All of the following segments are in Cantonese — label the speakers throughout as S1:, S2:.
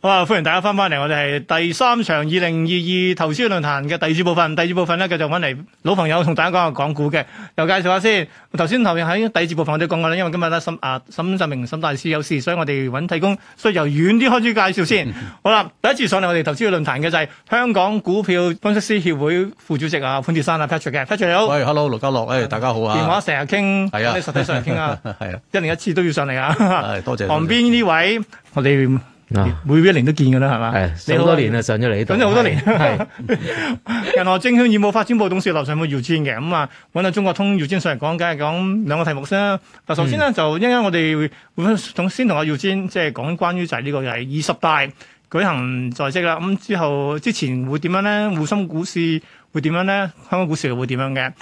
S1: 好啊！歡迎大家翻翻嚟，我哋係第三場二零二二投資論壇嘅第二部分。第二部分呢，繼續揾嚟老朋友同大家講下港股嘅。又介紹下先。頭先頭先喺第二部分我哋講過啦，因為今日咧沈啊沈振明沈大師有事，所以我哋揾提供，所以由遠啲開始介紹先。嗯、好啦，第一次上嚟我哋投資論壇嘅就係香港股票分析師協會副主席啊潘鐵珊啊 Patrick Patrick 友。喂，Hello，盧家樂，誒、哎，大家好啊。電話成日傾，喺、啊、實體上嚟傾啊。係啊，一年一次都要上嚟啊。係多謝。旁邊呢位我哋。啊、哦！每一年都見噶啦，係嘛？
S2: 係，你好多年啊，上咗嚟呢度，等咗好多年。
S1: 係，銀河證券業務發展部董事羅尚沛耀堅嘅咁啊，搵、嗯、到中國通耀堅上嚟講，梗係講兩個題目先啦。嗱，首先呢、嗯、就一陣間我哋會同先同阿耀堅即係講關於、這個、就係呢個係二十大舉行在即啦。咁、嗯、之後之前會點樣咧？滬深股市會點樣咧？香港股市會點樣嘅？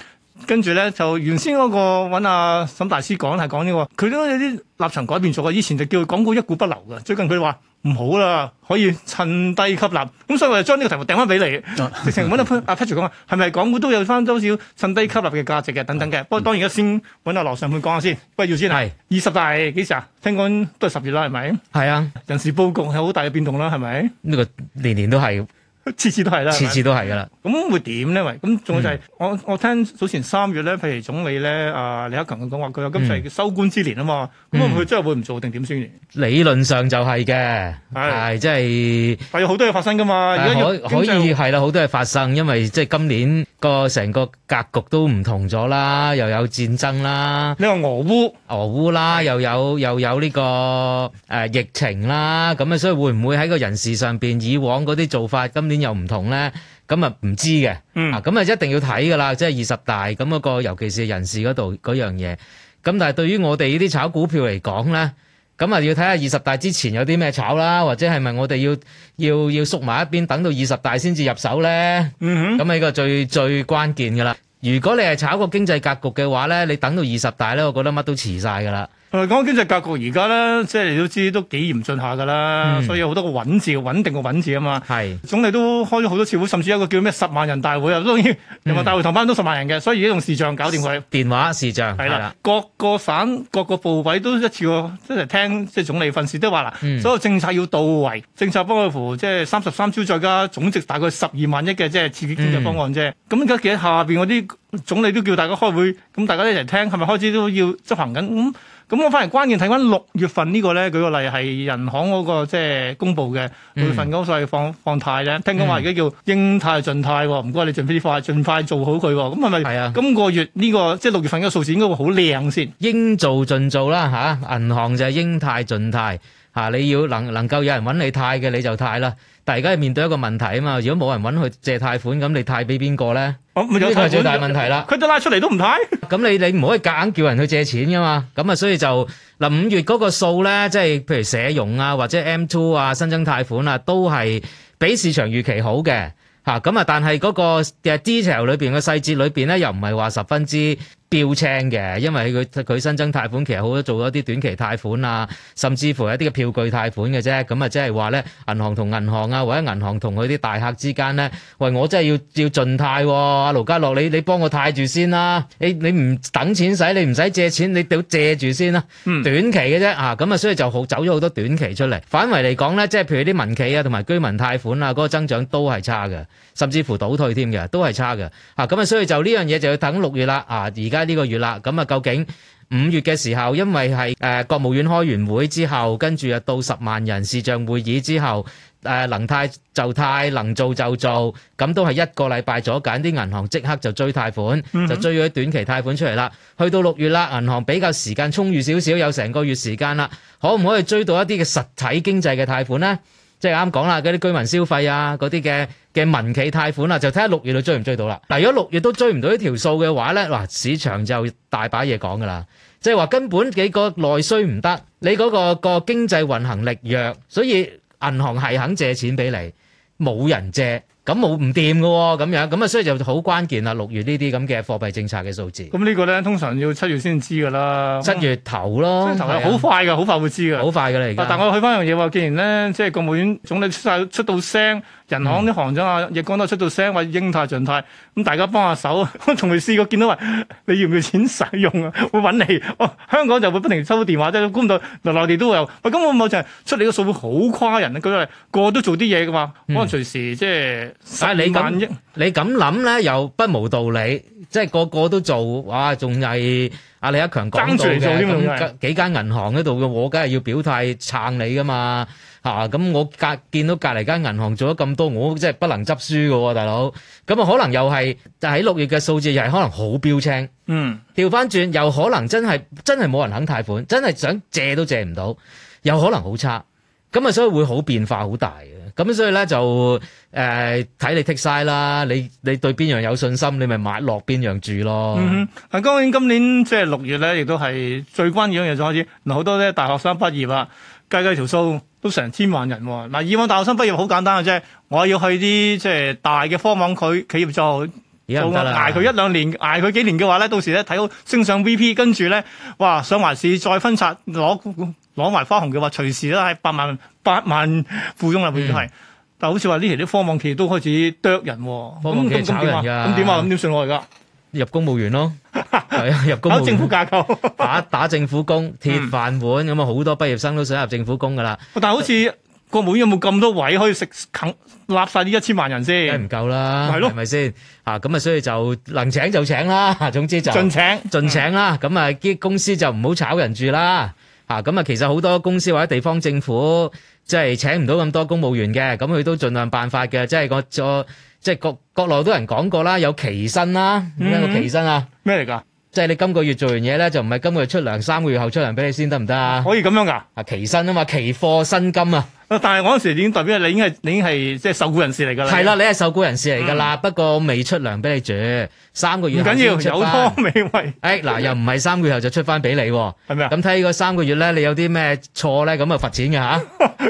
S1: 跟住咧就原先嗰、那個揾阿、啊、沈大師講，係講呢個，佢都有啲立場改變咗嘅。以前就叫港股一股不留嘅，最近佢話唔好啦，可以趁低吸納。咁、嗯、所以我就將呢個題目掟翻俾你， 直情揾阿 Patrick 講係咪港股都有翻多少趁低吸納嘅價值嘅等等嘅。不過當然而家先揾阿羅尚沛講下先，不過要先係二十大幾時啊？聽講都係十月啦，係咪？係啊，人事布局係好大嘅變動啦，係咪？呢、這
S2: 個年年都係。
S1: 次次都係啦，次次都係噶啦。咁會點咧？喂，咁仲有就係我我聽早前三月咧，譬如總理咧，阿李克強講話佢話今就係收官之年啊嘛。咁佢真係會唔做定點先？
S2: 理論上就係嘅，係即係。但係好多嘢發生噶嘛，而家可以係啦，好多嘢發生，因為即係今年個成個格局都唔同咗啦，又有戰爭啦。你話俄烏，俄烏啦，又有又有呢個誒疫情啦，咁啊，所以會唔會喺個人事上邊以往嗰啲做法，今年？又唔同呢，咁、嗯、啊唔知嘅，咁啊一定要睇噶啦，即係二十大咁嗰、嗰個，尤其是人事嗰度嗰樣嘢。咁、那個、但係對於我哋呢啲炒股票嚟講呢，咁啊要睇下二十大之前有啲咩炒啦，或者係咪我哋要要要縮埋一邊，等到二十大先至入手呢？咁、嗯、呢個最最關鍵噶啦。如果你係炒個經濟格局嘅話呢，你等到二十大呢，我覺得乜都遲晒噶啦。嚟、就、
S1: 講、是、經濟格局呢，而家咧即係你都知都幾嚴峻下噶啦、嗯，所以有好多個穩字，穩定個穩字啊嘛。係總理都開咗好多次會，甚至有一個叫咩十萬人大會」都，啊、嗯，當然人民大會堂班都十萬人嘅，所以而家用視像搞掂佢，
S2: 電話視像係啦。
S1: 各個省各個部委都一次過一齊聽，即係總理訓示都話啦、嗯，所有政策要到位，政策包括乎即係三十三招，再加總值大概十二萬億嘅即係刺激經濟方案啫。咁而家其實下面嗰啲總理都叫大家開會，咁大家一齊聽係咪開始都要執行緊咁？嗯咁我反而關鍵睇翻六月份個呢個咧，舉個例係人行嗰、那個即係公布嘅六月份嗰個放、嗯、放貸咧，聽講話而家叫應貸盡貸喎，唔、哦、該你盡快盡快做好佢喎，咁
S2: 係咪？啊，今個月呢、這個、啊這個、即係六月份嘅數字應該會好靚先，應做盡做啦嚇、啊，銀行就係應貸盡貸、啊、你要能能夠有人搵你貸嘅你就貸啦。但係而家係面對一個問題啊嘛，如果冇人揾佢借貸款，咁你貸俾邊個咧？呢個就係最大問題啦。佢都拉出嚟都唔貸。咁你你唔可以夾硬叫人去借錢噶嘛？咁啊，所以就嗱五月嗰個數咧，即係譬如社融啊，或者 M2 啊，新增貸款啊，都係比市場預期好嘅嚇。咁啊，但係嗰個嘅 detail 裏邊嘅細節裏邊咧，又唔係話十分之標青嘅，因為佢佢新增貸款其實好多做咗啲短期貸款啊，甚至乎一啲嘅票據貸款嘅啫。咁啊，即係話咧，銀行同銀行啊，或者銀行同佢啲大客之間咧，喂，我真係要要盡貸，阿盧家樂，你你幫我貸住先啦，你你唔等錢使，你唔使借錢，你都借住先啦，短期嘅啫啊。咁啊，所以就好走咗好多短期出嚟。反為嚟講咧，即係譬如啲民企啊，同埋居民貸款啊，嗰個增長都係差嘅，甚至乎倒退添嘅，都係差嘅。咁啊，所以就呢樣嘢就要等六月啦。啊，而家。呢、這個月啦，咁啊，究竟五月嘅時候，因為係誒、呃、國務院開完會之後，跟住到十萬人視像會議之後，誒、呃、能貸就貸，能做就做，咁都係一個禮拜咗，揀啲銀行即刻就追貸款，就追咗短期貸款出嚟啦。去到六月啦，銀行比較時間充裕少少，有成個月時間啦，可唔可以追到一啲嘅實體經濟嘅貸款呢？即係啱講啦，嗰啲居民消費啊，嗰啲嘅嘅民企貸款啦、啊，就睇下六月都追唔追到啦。嗱，如果六月都追唔到呢條數嘅話咧，哇，市場就大把嘢講噶啦。即係話根本你個內需唔得，你嗰、嗰個、嗰個經濟運行力弱，所以銀行係肯借錢俾你，冇人借。咁冇唔掂噶喎，咁、哦、樣咁啊，所以就好關鍵啦。六月呢啲咁嘅貨幣政策嘅數字。咁呢個咧，通常要七月先知
S1: 噶啦。
S2: 七月頭咯，頭啊，好
S1: 快噶，好快會知噶，好快噶啦而家。但我去翻樣嘢話，既然咧即係國務院總理出出到聲。人行啲行長啊，亦、嗯、剛都出到聲話英泰、順泰，咁大家幫下手啊！我從未試過見到話你要唔要錢使用啊？會揾你，哦，香港就會不停收到電話啫。估唔到內地都會有，喂、哎，咁我冇就係出嚟個數會好誇人啊！佢話個個都做啲嘢噶嘛，可、嗯、能隨時即係、就是。你咁
S2: 你咁諗咧，又不無道理，即係個個都做，哇！仲係阿李克強講到嘅幾，幾間銀行嗰度嘅，我梗係要表態撐你噶嘛。咁、啊、我隔見到隔離間銀行做咗咁多，我真係不能執輸嘅喎，大佬。咁啊，可能又係就喺六月嘅數字，又係可能好標青。嗯，調翻轉又可能真係真係冇人肯貸款，真係想借都借唔到，又可能好差。咁啊，所以會好變化好大嘅。咁所以咧就誒睇、呃、你 take 晒啦，你你對邊樣有信心，你咪買落邊樣住咯。
S1: 嗯哼，啊，當然今年即係六月咧，亦都係最關鍵嘅開始。好多啲大學生畢業啦。計計條數都成千萬人嗱，以往大學生畢業好簡單嘅啫，我要去啲即係大嘅科網佢企業做，捱佢一兩年，捱佢幾年嘅話咧，到時咧睇好升上 VP，跟住咧，哇上環市再分拆攞攞埋花紅嘅話，隨時都係百萬八萬富翁啦，完全係。但係好似話呢期啲科網企業都開始剁人，科網企業炒人噶，咁點啊？咁點算我嚟噶？
S2: 入公務員咯，入公務員，搞政府架構，打打政府工，鐵飯碗咁啊！好多畢業生都想入政府工噶啦。但係好似公務員有冇咁多位可以食啃納曬呢一千萬人先？梗唔夠啦，係咯，係咪先？啊咁啊，所以就能請就請啦。總之就盡請盡請啦。咁啊，啲公司就唔好炒人住啦。嚇咁啊，其實好多公司或者地方政府即係請唔到咁多公務員嘅，咁佢都盡量辦法嘅，即係個個。即係國國內都人講過啦，有期薪啦，點解有期薪啊？咩嚟㗎？即係你今個月做完嘢咧，就唔係今個月出糧，三個月後出糧俾你先得唔得啊？可以咁樣㗎？身啊，期薪啊嘛，期貨薪金啊！啊！但係嗰陣時已經代表你已經係你已經係即係受僱人士嚟噶啦。係啦，你係受僱人士嚟噶啦。不過未出糧俾你住三個月。唔緊要，有湯未喂。誒，嗱，又唔係三個月後就出翻俾你喎？係咪啊？咁睇個三個月咧，你有啲咩錯咧？咁啊罰錢嘅吓，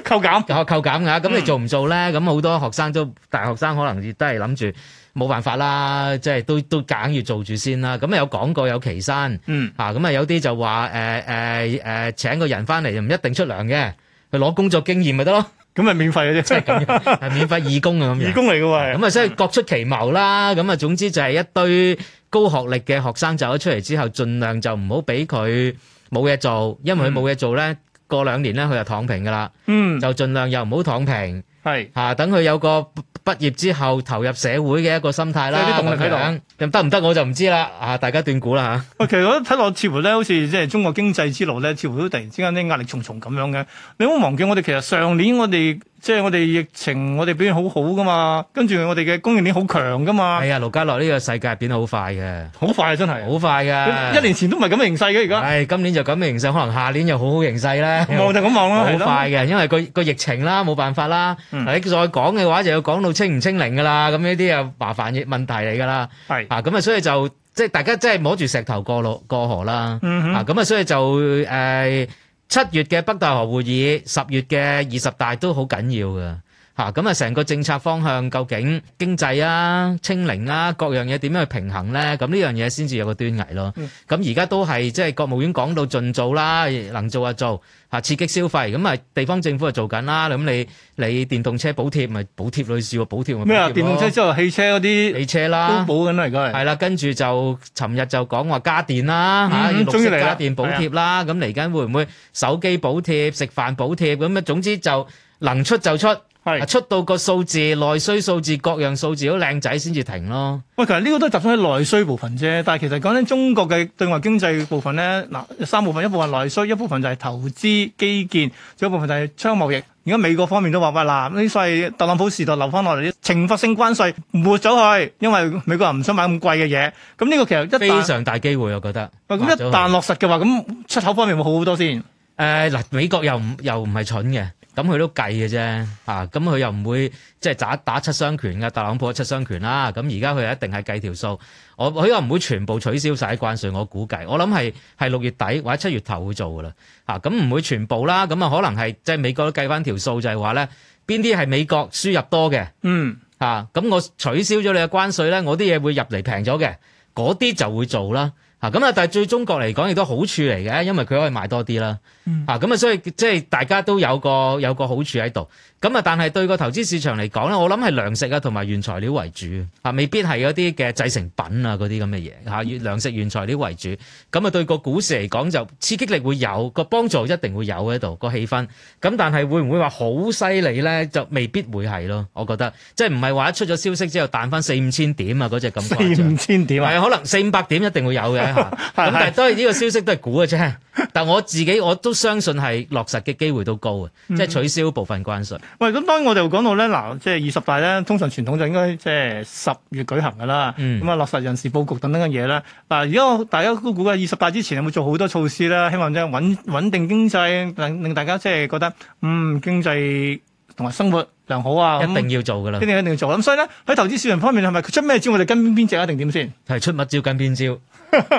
S2: 扣減又扣減吓。咁你做唔做咧？咁好多學生都大學生可能亦都係諗住冇辦法啦，即係都都揀要做住先啦。咁啊有講過有期薪，嗯吓咁啊有啲就話誒誒誒，請個人翻嚟就唔一定出糧嘅。攞工作經驗咪得咯，咁咪免費嘅啫，即 係免費義工啊咁樣。義工嚟嘅喎，咁、嗯、啊，所以各出其謀啦。咁啊，總之就係一堆高學歷嘅學生走咗出嚟之後，盡量就唔好俾佢冇嘢做，因為佢冇嘢做咧，過兩年咧佢就躺平㗎啦。嗯，就盡量又唔好躺平。係吓、啊，等佢有個畢業之後投入社會嘅一個心態啦，有啲動力喺度，又得唔得我就唔知啦。吓、啊，大家斷估啦吓。喂，其實我睇落，似乎咧，好似即係中國經濟之路咧，似乎都突然
S1: 之間啲壓力重重咁樣嘅。你好忘記我哋，其實上年我哋。即係我哋疫情，我哋表現好好噶嘛，跟住我哋嘅供應鏈好強噶嘛。係啊，盧家樂呢個世界變得好快嘅，
S2: 好快啊真係，好快噶！一年前都唔係咁嘅形勢嘅，而家。係今年就咁嘅形勢，可能下年又好好形勢啦。望就咁望咯，係咯。好快嘅，因為個個疫情啦，冇辦法啦。喺再講嘅話，就要講到清唔清零噶啦。咁呢啲啊麻煩嘅問題嚟噶啦。係啊，咁啊，所以就即係大家真係摸住石頭過過河啦。啊，咁啊，所以就誒。七月嘅北戴河會議，十月嘅二十大都好緊要㗎。嚇咁啊！成個政策方向究竟經濟啊、清零啊各樣嘢點樣去平衡咧？咁呢樣嘢先至有個端倪咯。咁而家都係即係國務院講到盡做啦，能做啊做嚇刺激消費。咁啊，地方政府就做緊啦。咁你你電動車補貼咪補貼類似喎，補貼咪咩啊？電動車即係汽車嗰啲汽車啦，都補緊啦，應該係。係啦，跟住就尋日就講話家電啦，嚇啲綠色家電補貼啦。咁嚟緊會唔會手機補貼、食飯補貼咁啊？總之就能出就出。係出到個數字，內需數字，各樣數字好靚仔先至停咯。
S1: 喂，其實呢個都係集中喺內需部分啫。但係其實講緊中國嘅對外經濟部分咧，嗱三部分，一部分內需，一部分就係投資基建，仲有一部分就係昌貿易。而家美國方面都話喂，嗱，呢世特朗普時代留翻落嚟啲懲罰性關稅，抹咗去，因為美國人唔想買咁貴嘅嘢。咁
S2: 呢個其實一非常大機會，我覺得。喂，咁一旦落實嘅話，咁出口方面會好好多先。誒，嗱，美國又唔又唔係蠢嘅。咁佢都計嘅啫，啊！咁佢又唔會即係打打七傷拳嘅，特朗普七傷拳啦。咁而家佢一定係計條數，我佢又唔會全部取消晒關稅。我估計，我諗係係六月底或者七月頭會做噶啦，啊！咁唔會全部啦，咁啊可能係即係美國都計翻條數、就係，就係話咧邊啲係美國輸入多嘅，嗯咁我取消咗你嘅關稅咧，我啲嘢會入嚟平咗嘅，嗰啲就會做啦，啊！咁啊，但係對中國嚟講亦都好處嚟嘅，因為佢可以賣多啲啦。嗯、啊，咁啊，所以即係大家都有個有個好處喺度。咁啊，但係對個投資市場嚟講咧，我諗係糧食啊同埋原材料為主啊，未必係嗰啲嘅製成品啊嗰啲咁嘅嘢吓，以、啊、糧食原材料為主。咁、嗯、啊，嗯、對個股市嚟講就刺激力會有個幫助，一定會有喺度個氣氛。咁但係會唔會話好犀利咧？就未必會係咯。我覺得即係唔係話一出咗消息之後彈翻四五千點啊嗰隻咁。四五千點啊，係啊，可能四五百點一定會有嘅吓。咁、啊、 但係都係呢個消息都係估嘅啫。但我自己我都。相信係落實嘅機會都高嘅、嗯，即係取消部分關稅。
S1: 喂，咁當然我哋就講到咧，嗱，即係二十大咧，通常傳統就應該即係十月舉行㗎啦。咁、嗯、啊，落實人事佈局等等嘅嘢啦嗱，而家大家估估計二十大之前有冇做好多措施咧？希望即係穩穩定經濟，令令大家即係、就係、覺得嗯經濟同埋生活。良好啊，嗯！一定要做噶啦，一定要一定要做。咁、嗯、所以咧，喺投資市場方面，係咪佢出咩招，我哋跟邊邊隻定點先？
S2: 係出乜招跟邊招？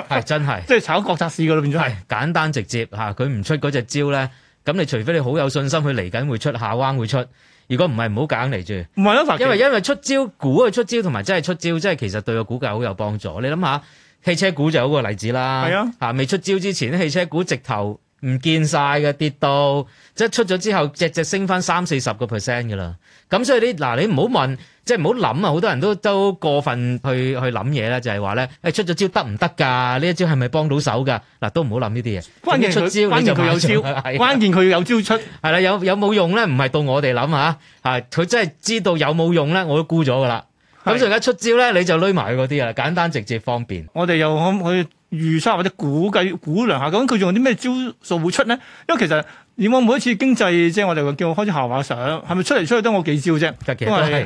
S2: 係 真係即係炒國策市噶啦變咗。係簡單直接嚇，佢、啊、唔出嗰隻招咧，咁你除非你好有信心佢嚟緊會出下彎會出。如果唔係，唔好揀嚟住。唔係咯，因為因為出招股去出招同埋真係出招，真係其實對個股價好有幫助。你諗下，汽車股就有個例子啦。係啊，啊，未出招之前，汽車股直頭。唔見晒嘅跌到，即係出咗之後，只只升翻三四十個 percent 嘅啦。咁所以你嗱，你唔好問，即係唔好諗啊！好多人都都過分去去諗嘢啦，就係話咧，誒出咗招得唔得㗎？呢一招係咪幫到手㗎？嗱，都唔好諗呢啲嘢。關鍵出招，關鍵佢有招，關鍵佢有招出。係啦，有有冇用咧？唔係到我哋諗下，佢真係知道有冇用咧，我都估咗㗎啦。咁而家出招咧，你就攆埋嗰啲啊，簡單直接方便。
S1: 我哋又可唔可以？預測或者估計估量下究竟，佢仲有啲咩招數會出呢？因為其實以往每一次經濟即係，我哋會叫我開啲下話上，係咪出嚟出嚟得我幾招啫？都係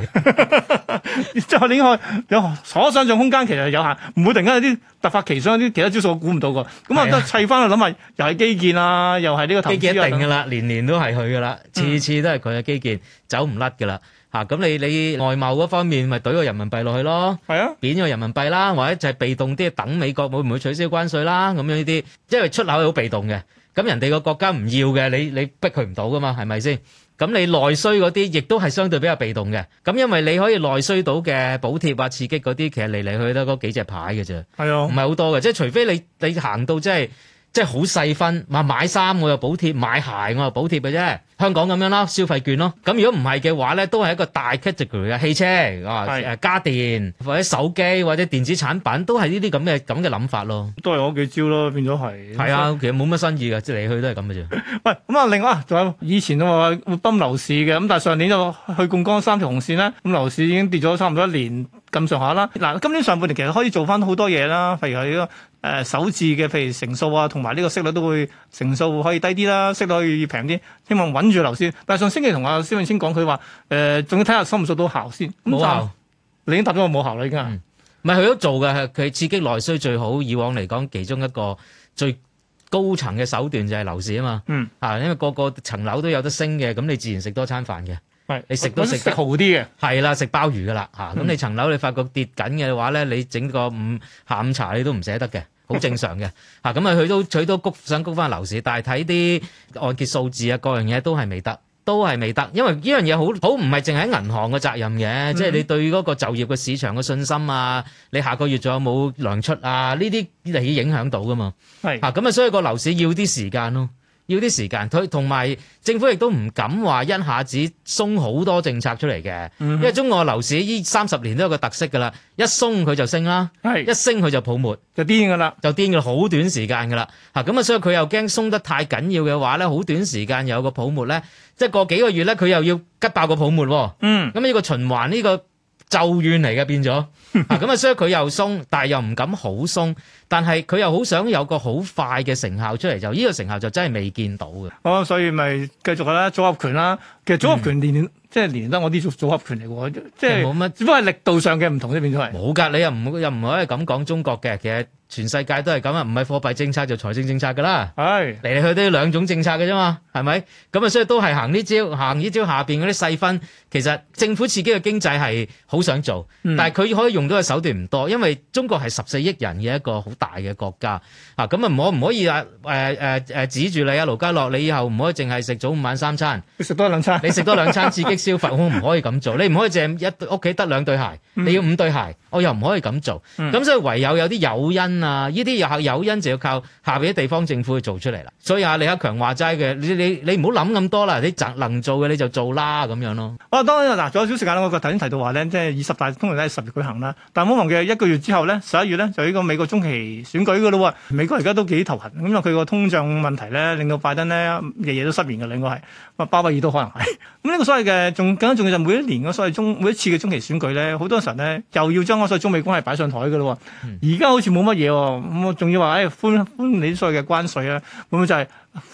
S1: 即係你應該有所想像空間，其實有限，唔會突然間有
S2: 啲突發奇想啲其他招數我，我估唔到噶。咁啊，都砌翻去諗埋，又係基建啊，又係呢個投資一定噶啦，年年都係佢噶啦，次次都係佢嘅基建、嗯、走唔甩噶啦。嚇咁你你外貿嗰方面咪懟個人民幣落去咯，係啊，貶咗人民幣啦，或者就係被動啲等美國會唔會取消關稅啦，咁樣呢啲，因為出口係好被動嘅，咁人哋個國家唔要嘅，你你逼佢唔到噶嘛，係咪先？咁你內需嗰啲亦都係相對比較被動嘅，咁因為你可以內需到嘅補貼啊、刺激嗰啲，其實嚟嚟去去都嗰幾隻牌嘅啫，係啊，唔係好多嘅，即係除非你你行到即係。即係好細分，話買衫我又補貼，買鞋我又補貼嘅啫。香港咁樣啦，消費券咯。咁如果唔係嘅話咧，都係一個大 category 嘅汽車啊，誒家電或者手機或者電子產品，都係呢啲咁嘅咁嘅諗法咯。
S1: 都係我幾招咯，變咗係。係啊，其實
S2: 冇乜新意嘅，即係你去都係咁嘅啫。喂，
S1: 咁啊，另外仲有以前都話會崩樓市嘅，咁但上年就去共江三條紅線啦，咁樓市已經跌咗差唔多一年。咁上下啦，嗱今年上半年其實可以做翻好多嘢啦，譬如佢呢個首次嘅，譬如成數啊，同埋呢個息率都會成數可以低啲啦，息率可以平啲，希望穩住樓市。但係上星期同阿蕭永清講，佢話誒仲要睇下收唔
S2: 收到效先。冇效，你已經答咗我冇效啦，已、嗯、經。唔係佢都做嘅，佢刺激內需最好，以往嚟講其中一個最高層嘅手段就係樓市啊嘛。嗯。因為個個層樓都有得升嘅，咁你自然食多餐飯嘅。你食都食得好啲嘅，係啦，食鮑魚噶啦吓，咁你層樓你發覺跌緊嘅話咧,你整個午下午茶你都唔捨得嘅，好正常嘅吓，咁啊佢都取到谷想谷翻樓市，但係睇啲按揭數字啊，各樣嘢都係未得，都係未得，因為呢樣嘢好好唔係淨係銀行嘅責任嘅，即係你對嗰個就業嘅市場嘅信心啊，你下個月仲有冇糧出啊？呢啲嚟影響到噶嘛，係吓，咁啊所以個樓市要啲時間咯。要啲時間，佢同埋政府亦都唔敢話一下子鬆好多政策出嚟嘅，因為中國樓市呢三十年都有個特色噶啦，一鬆佢就升啦，係一升佢就泡沫就癲噶啦，就癲噶啦，好短時間噶啦吓咁啊，所以佢又驚鬆得太緊要嘅話咧，好短時間有個泡沫咧，即係過幾個月咧，佢又要拮爆個泡沫喎，嗯，咁呢個循環呢、呢個。咒怨嚟嘅變咗，咁啊，所以佢又鬆，但係又唔敢好鬆，但係佢又好想有個好快嘅成效出嚟，就、這、呢個成效就真係未見到
S1: 嘅。所以咪繼續啦，組合拳啦，其實組合拳年。嗯即係連得我啲組組合拳嚟喎，即係冇
S2: 乜，只不過係力度上嘅唔同呢變咗係。冇㗎、就是，你又唔又唔可以咁講中國嘅，其實全世界都係咁啊，唔係貨幣政策就財政政策㗎啦。係嚟嚟去都兩種政策㗎啫嘛，係咪？咁啊，所以都係行呢招，行呢招下邊嗰啲細分，其實政府刺激嘅經濟係好想做，嗯、但係佢可以用到嘅手段唔多，因為中國係十四億人嘅一個好大嘅國家啊。咁啊，唔可唔可以啊、呃呃？指住你啊，盧家樂，你以後唔可以淨係食早午晚三餐，食多兩餐，你食多兩餐刺激。消 費我唔可以咁做，你唔可以借一屋企得兩對鞋，你要五對鞋，我又唔可以咁做。咁、嗯、所以唯有有啲誘因啊，呢啲又係誘因，就要靠下面啲地方政府去做出嚟啦。所以阿、啊、李克強話齋嘅，你你你唔好諗咁多啦，你能做嘅你就做啦咁樣咯。啊、嗯，當然嗱，仲有少時間啦，
S1: 我頭先提到話咧，即係二十大通常都係十月舉行啦，但唔好忘記一個月之後咧，十一月咧就呢個美國中期選舉嘅咯喎。美國而家都幾頭痕，因為佢個通脹問題咧，令到拜登呢，夜夜都失眠嘅，應該係。啊，巴貝爾都可能係。咁呢個所謂嘅。仲更加重要就每一年嘅所謂中每一次嘅中期選舉咧，好多時咧又要將嗰個所謂中美關係擺上台嘅咯。而、嗯、家好似冇乜嘢，咁仲要話誒、哎、寬，寬你免咗嘅關稅啊，咁就係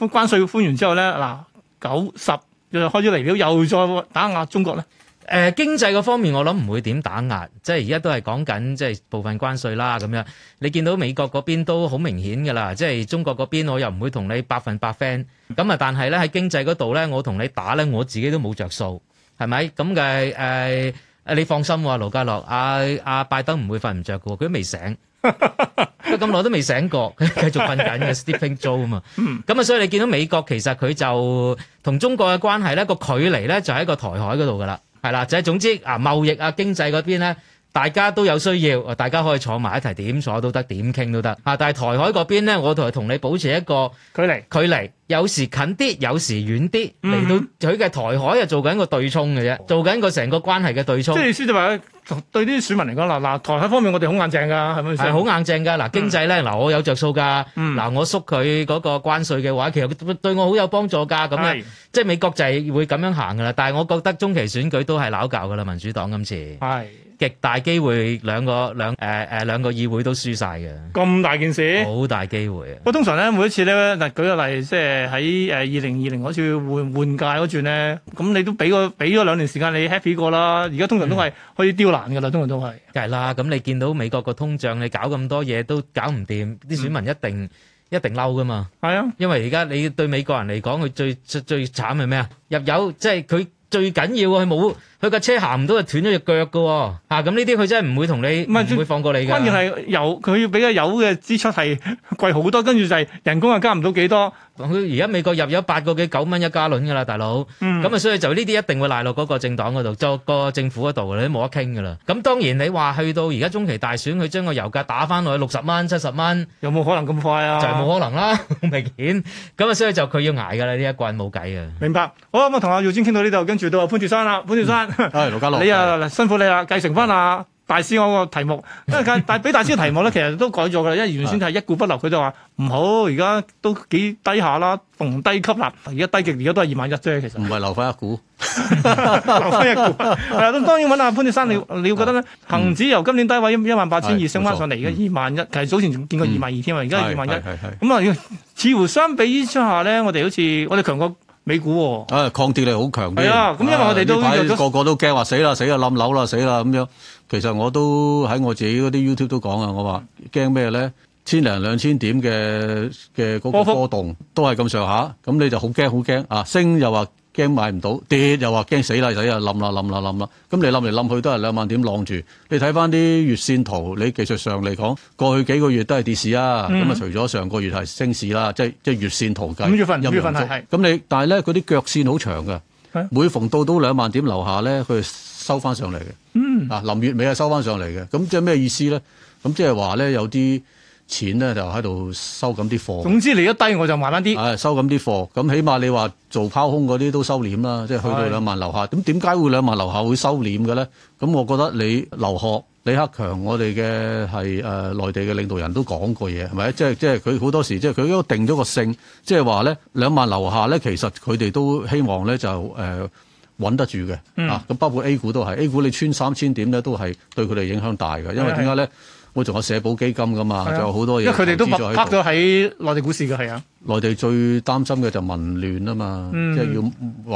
S1: 關稅寬完
S2: 之後咧，嗱九十就開啲離表又再打壓中國咧。誒、呃、經濟嘅方面，我諗唔會點打壓，即係而家都係講緊即係部分關稅啦咁樣。你見到美國嗰邊都好明顯嘅啦，即係中國嗰邊我又唔會同你百分百 friend 咁啊，但係咧喺經濟度咧，我同你打咧，我自己都冇着數係咪咁嘅？誒、呃、你放心喎，羅家樂，阿、啊、阿、啊、拜登唔會瞓唔着嘅，佢都未醒，佢咁耐都未醒過，佢繼續瞓緊嘅 Sleeping Joe 嘛。咁啊，所以你見到美國其實佢就同中國嘅關係咧，個距離咧就喺個台海嗰度㗎啦，係啦。就係、是、總之啊，貿易啊、經濟嗰邊咧。大家都有需要，大家可以坐埋一齊，點坐都得，點傾都得。啊！但係台海嗰邊咧，我同同你保持一個距離，距離有時近啲，有時遠啲。嚟、嗯、到佢嘅台海就做緊個對沖嘅啫，做緊個成個關係嘅對沖。即係意思就話、是，對啲選民嚟講，嗱嗱台海方面我是是、嗯，我哋好硬正噶，係咪先？好硬正噶。嗱經濟咧，嗱我有着數噶。嗱我縮佢嗰個關稅嘅話，其實對我好有幫助噶。咁咧，即係美國就係會咁樣行噶啦。但係我覺得中期選舉都係拗教噶啦，民主黨今次係。極大機會兩個兩誒誒兩個議會都輸晒嘅，咁大件事，好大機會。不過通常咧，每一次咧，嗱舉個例，即係喺誒
S1: 二零二零嗰次換換屆嗰轉咧，咁你都俾個俾咗兩年時間你 happy 過啦。
S2: 而家通常都係可以刁難噶啦，通常都係梗係啦。咁你見到美國個通脹，你搞咁多嘢都搞唔掂，啲選民一定一定嬲噶嘛。係啊，因為而家你對美國人嚟講，佢最最最慘係咩啊？入油即係佢最緊要，佢冇。佢架車行唔到，斷咗隻腳嘅喎。哦，咁呢啲佢真係唔會同你唔會放過你嘅。關鍵係油，佢要畀個油嘅支出係貴好多，跟住就係人工又加唔到幾多。佢而家美國入咗八個幾九蚊一加侖嘅啦，大佬。咁、嗯、啊，所以就呢啲一定會賴落嗰個政黨嗰度，作個政府嗰度，你都冇得傾嘅啦。咁當然你話去到而家中期大選，佢將個油價打翻落去六十蚊、七十蚊，有冇可能咁快啊？就係、是、冇可能啦，明顯。咁啊，所以就佢要捱嘅啦，呢一關冇計嘅。
S1: 明白。好，我同阿耀尊傾到呢度，跟住到阿潘鐵珊啦，潘鐵珊。嗯係羅家樂，你啊，嗱，辛苦你呀。繼承翻阿大師我個題目，因為大俾大師個題目咧，其實都改咗噶，因為原先係一股不留，佢就話唔好，而家都幾低下啦，逢低吸納，而家低極，而家都係二萬一啫，其實唔係留翻一股，
S3: 留翻一股，係啊，咁
S1: 當然揾阿潘鐵珊， 你你會覺得咧，恒、嗯、指由今年低位一萬八千二升翻上嚟而家二萬一，其實早前見過二萬二添嘛而家係二萬一，咁啊、嗯，似乎相比之下咧，我哋好似我哋強過美股
S4: 喎、哦啊，抗跌力好強啲、啊。啊，咁因為我哋都個個都驚話死啦，死啦冧樓啦，死啦咁樣。其實我都喺我自己嗰啲 YouTube 都講啊，我話驚咩咧？千零兩千點嘅嘅嗰個波動都係咁上下，咁、啊、你就好驚好驚啊！升又話，驚買唔到，跌又話驚死啦，死啊！冧啦，冧啦，冧啦！咁你冧嚟冧去都係兩萬點浪住。你睇翻啲月線圖，你技術上嚟講，過去幾個月都係跌市啊。咁啊，除咗上個月係升市啦，即係即係月線圖計五、嗯、月份、六月份係咁你，但係咧嗰啲腳線好長噶每逢到到兩萬點樓下咧，佢收翻上嚟嘅。嗯、啊，嗱，臨月尾係收翻上嚟嘅。咁即係咩意思咧？咁即係話咧有啲。錢咧就喺度收緊啲貨。總之嚟一低我就慢慢啲、啊。收緊啲貨，咁起碼你話做拋空嗰啲都收斂啦，即係去到兩萬樓下。咁點解會兩萬樓下會收斂嘅咧？咁我覺得你劉鶴李克強，我哋嘅係誒內地嘅領導人都講過嘢，係咪？即係即係佢好多時，即係佢都定咗個性，即係話咧兩萬樓下咧，其實佢哋都希望咧就誒穩、呃、得住嘅、嗯。啊，咁包括 A 股都係 A 股，你穿三千點咧都係對佢哋影響大嘅，因為點解咧？我仲有社保基金噶嘛，仲、啊、有好多嘢。佢哋都拍咗
S1: 喺內地股市嘅，係啊。
S4: 內地最擔心嘅就民亂啊嘛，嗯、即係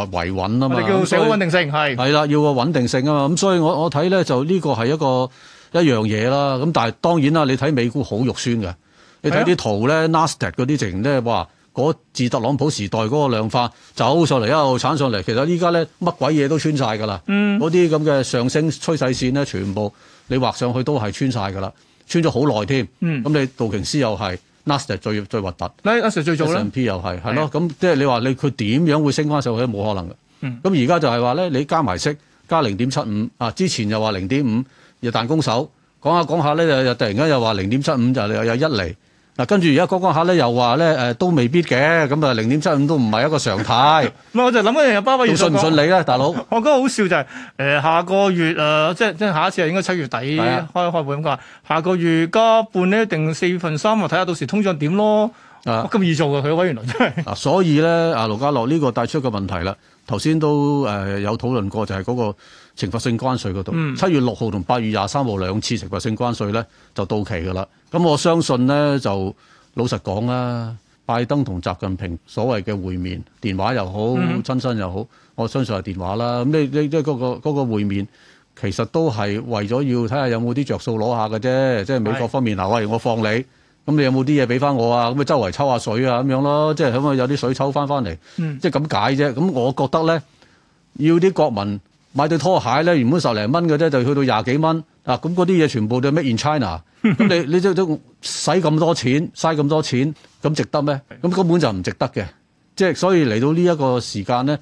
S4: 要維維穩啊嘛。你哋叫社會穩定
S1: 性係。係啦、啊
S4: 啊，要個穩定性啊嘛。咁所以我我睇咧就呢個係一個一樣嘢啦。咁但係當然啦，你睇美股好肉酸嘅。你睇啲圖咧 Nasdaq 嗰啲直情咧，哇！嗰自特朗普時代嗰個量化走上嚟一路鏟上嚟，其實依家咧乜鬼嘢都穿晒㗎啦。嗰啲咁嘅上升趨勢線咧，全部你畫上去都係穿晒㗎啦。穿咗好耐添，咁、嗯、你道瓊斯又係，納斯達最、NAS、最核突，納納斯達最做咧，SP 又係，係咯，咁即係你話你佢點樣會升翻上去咧？冇可能嘅，咁而家就係話咧，你加埋息加零點七五，啊之前又話零點五，又彈弓手，講下講下咧，又又突然間又話零點七五就你又有一厘。嗱，跟住而家嗰個客咧又話咧，都未必嘅，咁啊零點七五都唔係一個常態。 我就諗一樣，巴巴信唔信你呢？大佬？我覺得好笑就係、是呃，下個
S1: 月、呃、即係即係下一次係應該七月底、啊、開開會咁講，下個月加半呢，定四月份三，我睇下到時通脹點咯。咁、啊、易做嘅佢
S4: 委員嚟，所以咧啊，盧家樂呢個帶出個問題啦。頭先都有討論過，就係嗰、那個。懲罰性關稅嗰度，七、嗯、月六號同八月廿三號兩次懲罰性關稅咧就到期噶啦。咁我相信咧就老實講啦，拜登同習近平所謂嘅會面，電話又好，親、嗯、身又好，我相信係電話啦。咁你你即係、嗰個、嗰個會面，其實都係為咗要睇下有冇啲着數攞下嘅啫，即係美國方面，嗱，喂，我放你，咁你有冇啲嘢俾翻我啊？咁啊，周圍抽下水啊，咁樣咯，即係可唔可以有啲水抽翻翻嚟？即係咁解啫。咁我覺得咧，要啲國民。買對拖鞋咧，原本十零蚊嘅啫，就去到廿幾蚊啊！咁嗰啲嘢全部都 made in China，咁 你你就都使咁多錢，嘥咁多錢，咁值得咩？咁根本就唔值得嘅。即係所以嚟到呢一個時間咧，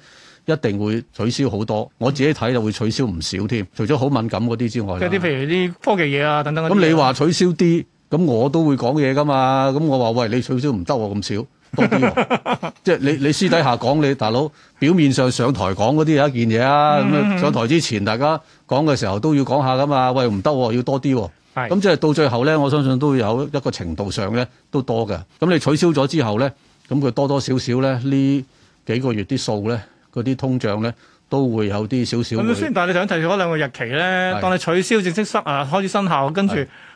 S4: 一定會取消好多。我自己睇就會取消唔少添，除咗好敏感嗰啲之外，即係
S1: 啲譬如啲科技嘢啊等等。咁你話
S4: 取消啲，咁我都會講嘢噶嘛？咁我話喂，你取消唔得喎，咁少。 多啲、哦，即係你你私底下講你大佬，表面上上台講嗰啲有一件嘢啊。咁、嗯嗯嗯、上台之前，大家講嘅時候都要講下噶嘛。喂，唔得、哦，要多啲、哦。喎。咁即係到最後咧，我相信都會有一個程度上咧都多嘅。咁你取消咗之後咧，咁佢多多少少咧呢幾個月啲數咧，嗰啲通脹咧都會有啲少少。咁先，
S1: 但係你想提嗰兩個日期咧，當你取消正式生效、啊、開始生效，跟住。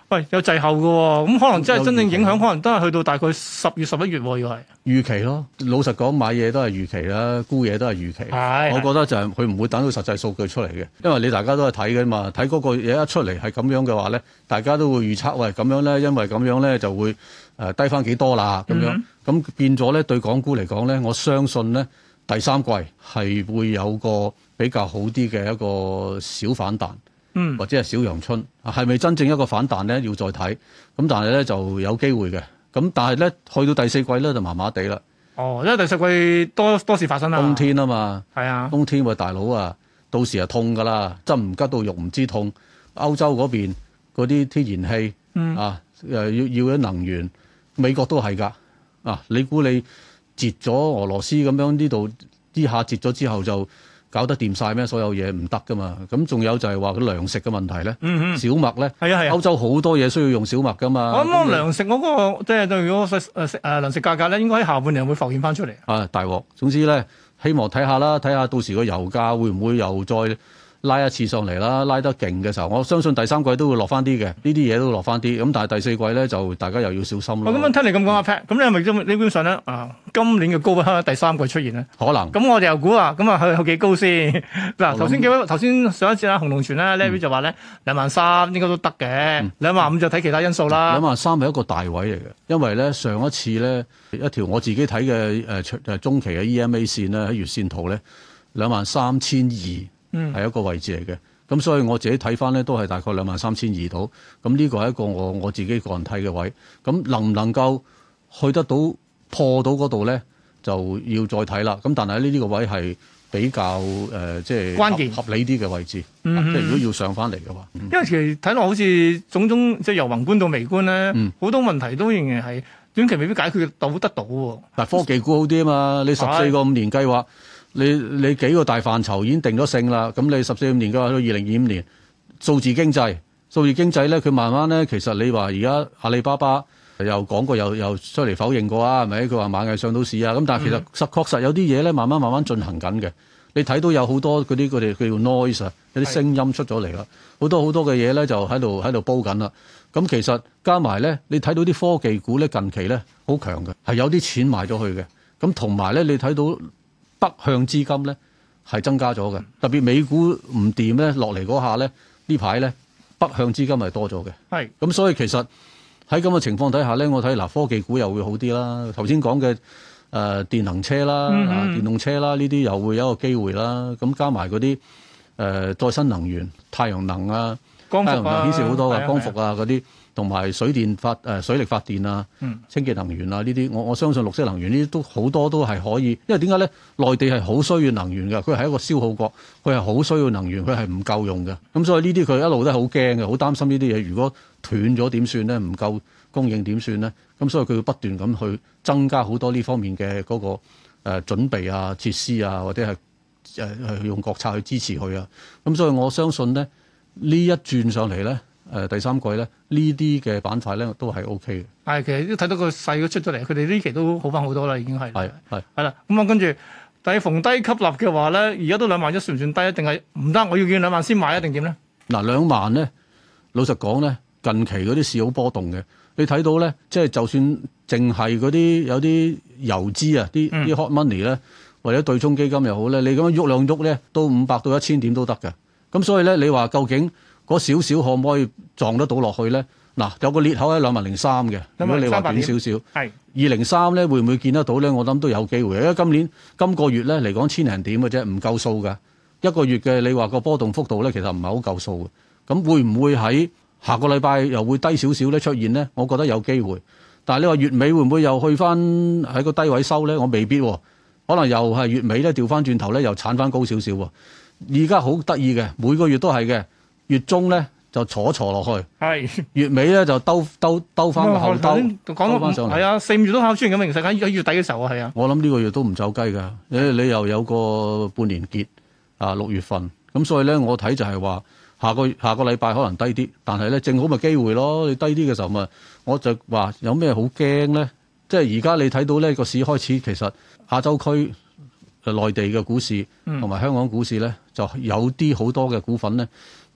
S1: 喂，有滯後㗎喎、哦，咁可能真係真正影響，可能都係去到大概十月十一月喎、哦，又係
S4: 預期咯。老實講，買嘢都係預期啦，估嘢都係預期。係係係，我覺得就係佢唔會等到實際數據出嚟嘅，因為你大家都係睇㗎嘛，睇嗰個嘢一出嚟係咁樣嘅話咧，大家都會預測喂，咁樣咧，因為咁樣咧就會、呃、低翻幾多啦咁樣咁、嗯、變咗咧對港股嚟講咧，我相信咧第三季係會有個比較好啲嘅一個小反彈。嗯，或者係小陽春，係咪真正一個反彈咧？要再睇，咁但係咧就有機會嘅。咁但係咧去到第四季咧就麻麻地啦。哦，因為第四季多多事發生啦。冬天啊嘛。係啊，冬天喎、哎、大佬啊，到時啊痛㗎啦，針唔吉到肉唔知痛。歐洲嗰邊嗰啲天然氣、嗯、啊，誒要要啲能源，美國都係㗎啊！你估你截咗俄羅斯咁樣呢度，呢下截咗之後就？搞得掂晒咩？所有嘢唔得噶嘛，咁仲有就係話佢糧食嘅問題咧、嗯，小麥咧、係啊，係啊，歐洲好多嘢需要用小麥噶嘛。我諗糧
S1: 食、那個，嗰個即係對如果食食誒糧食價格咧，應該喺下半年會浮現翻出嚟。
S4: 啊，大鑊！總之咧，希望睇下啦，睇下到時個油價會唔會又再。拉一次上嚟啦，拉得勁嘅時候，我相信第三季都會落翻啲嘅，呢啲嘢都會落翻啲。咁但係第四季咧，就大家又要小心咯。我咁樣聽、嗯、你咁講阿 Pat，咁你係咪將呢邊上咧啊？今年嘅高喺第三季出現
S1: 咧？可能。咁我哋又估啊，咁啊去去幾高先？嗱，頭先幾，頭先上一次啦，紅龍泉啦，嗯、呢邊就話咧兩萬三應該都得嘅，兩萬五就睇其
S4: 他因素啦。兩萬三係一個大位嚟嘅，因為咧上一次咧一條我自己睇嘅誒誒中期嘅 EMA 線咧喺月線圖咧兩萬三千二。係一個位置嚟嘅，咁所以我自己睇翻咧，都係大概兩萬三千二度。咁呢個係一個我我自己個人睇嘅位。咁能唔能夠去得到破到嗰度咧，就要再睇啦。咁但係呢呢個位係比較誒，即、呃、係、就是、合、關鍵、合理啲嘅位置。嗯啊、即係如果要上翻嚟嘅話，
S1: 嗯，因為其實睇落好似種種，即、就、係、是、由宏觀到微觀咧，好、嗯、多問題都仍然係短期未必解決到得到。
S4: 但科技股好啲啊嘛，你十四個五年計劃。哎你你幾個大範疇已經定咗性啦。咁你十四五年嘅到二零二五年數字經濟，數字經濟咧，佢慢慢咧，其實你話而家阿里巴巴又講過，又又出嚟否認過啊，係咪？佢話螞蟻上到市啊。咁但係其實實確實有啲嘢咧，慢慢慢慢進行緊嘅。你睇到有好多嗰啲佢哋叫 noise 啊，有啲聲音出咗嚟啦，好多好多嘅嘢咧就喺度喺度煲緊啦。咁其實加埋咧，你睇到啲科技股咧近期咧好強嘅，係有啲錢買咗去嘅。咁同埋咧，你睇到。北向資金咧係增加咗嘅，特別美股唔掂咧落嚟嗰下咧，呢排咧北向資金係多咗嘅。咁所以其實喺咁嘅情況底下咧，我睇嗱科技股又會好啲啦。頭先講嘅誒電能車啦，嗯嗯、啊、電動車啦，呢啲又會有一個機會啦。咁加埋嗰啲誒再生能源、太陽能啊、光啊太陽能顯示好多嘅、啊、光伏啊嗰啲。同埋水電發誒水力發電啊，清潔能源啊呢啲，我我相信綠色能源呢啲都好多都係可以，因為點解咧？內地係好需要能源嘅，佢係一個消耗國，佢係好需要能源，佢係唔夠用嘅。咁所以呢啲佢一路都係好驚嘅，好擔心呢啲嘢。如果斷咗點算咧？唔夠供應點算咧？咁所以佢會不斷咁去增加好多呢方面嘅嗰個誒準備啊、設施啊，或者係誒係用國策去支持佢啊。咁所以我相信咧，呢一轉上嚟咧。誒、呃、第三季咧，版呢啲嘅板塊咧都係 O K 嘅。係，其實都睇到個細嘅出咗嚟，
S1: 佢哋呢期都好翻好多啦，已經係。係
S4: 係啦，咁啊、嗯、跟住，
S1: 但係逢低吸納嘅話咧，而家都兩萬一算唔算低？定係唔得？我要見兩萬先買一定點咧？
S4: 嗱，兩、啊、萬咧，老實講咧，近期嗰啲市好波動嘅。你睇到咧，即、就、係、是、就算淨係嗰啲有啲遊資啊，啲啲 hot money 咧、嗯，或者對沖基金又好咧，你咁樣喐兩喐咧，都五百到一千點都得嘅。咁所以咧，你話究竟？嗰少少可唔可以撞得到落去咧？嗱、啊，有個裂口喺兩萬零三嘅。咁啊，你話短少少係二零三咧，會唔會見得到咧？我諗都有機會，因為今年今個月咧嚟講千零點嘅啫，唔夠數㗎。一個月嘅你話個波動幅度咧，其實唔係好夠數嘅。咁會唔會喺下個禮拜又會低少少咧出現咧？我覺得有機會，但你話月尾會唔會又去翻喺個低位收咧？我未必、哦，可能又係月尾咧調翻轉頭咧，又撐翻高少少喎。而家好得意嘅，每個月都係嘅。月中咧就坐坐落去，係 月尾咧就兜兜兜翻個後兜，翻上嚟係
S1: 啊。四月都考出咁。其實喺月底嘅時候啊，係啊。
S4: 我諗呢個月都唔走雞噶。誒，你又有個半年結啊，六月份咁，所以咧我睇就係話下個下個禮拜可能低啲，但係咧正好咪機會咯。你低啲嘅時候咪我就話有咩好驚咧？即係而家你睇到呢個市開始，其實亞洲區誒內地嘅股市同埋香港股市咧就有啲好多嘅股份咧。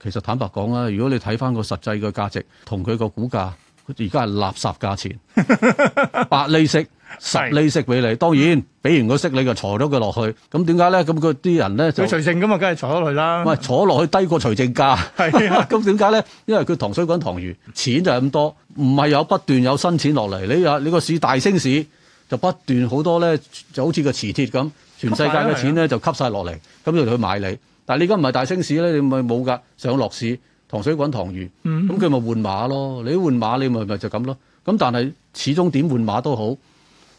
S4: 其實坦白講啦，如果你睇翻個實際嘅價值同佢個股價，而家係垃圾價錢，八 厘息、十厘息俾你，當然俾完個息你就坐咗佢落去。咁點解咧？咁個啲人咧就佢除剩咁啊，梗係坐咗落去啦。喂，坐落去低過除剩價，係啊。咁點解咧？因為佢糖水滾糖魚，錢就係咁多，唔係有不斷有新錢落嚟。你啊你個市大升市，就不斷好多咧，就好似個磁鐵咁，全世界嘅錢咧就吸晒落嚟，咁、啊、就去買你。但係你而家唔係大升市咧，你咪冇噶上落市，糖水滾糖漬，咁佢咪換馬咯。你換馬，你咪咪就咁咯。咁但係始終點換馬都好，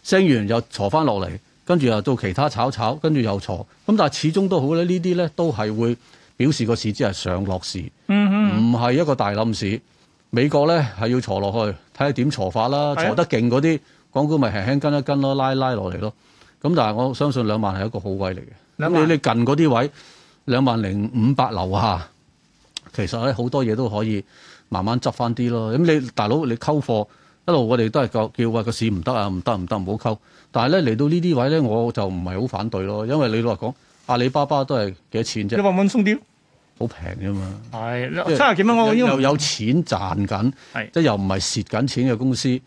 S4: 升完又挫翻落嚟，跟住又到其他炒炒，跟住又挫。咁但係始終都好咧，呢啲咧都係會表示個市只係上落市，唔、嗯、係一個大冧市。美國咧係要挫落去，睇下點挫法啦。挫得勁嗰啲，港、啊、股咪輕輕跟一跟咯，拉拉落嚟咯。咁但係我相信兩萬係一個好位嚟嘅。你、嗯、你近嗰啲位？兩萬零五百樓下，其實咧好多嘢都可以慢慢執翻啲咯。咁你大佬你溝貨一路我哋都係個叫話個市唔得啊，唔得唔得唔好溝。但係咧嚟到呢啲位咧，我就唔係好反對咯。因為你嚟講，阿里巴巴都係幾多錢啫，你話穩鬆啲，好平噶嘛，係
S1: 七十幾蚊我有又
S4: 有錢賺緊，即係又唔係蝕緊錢嘅公司。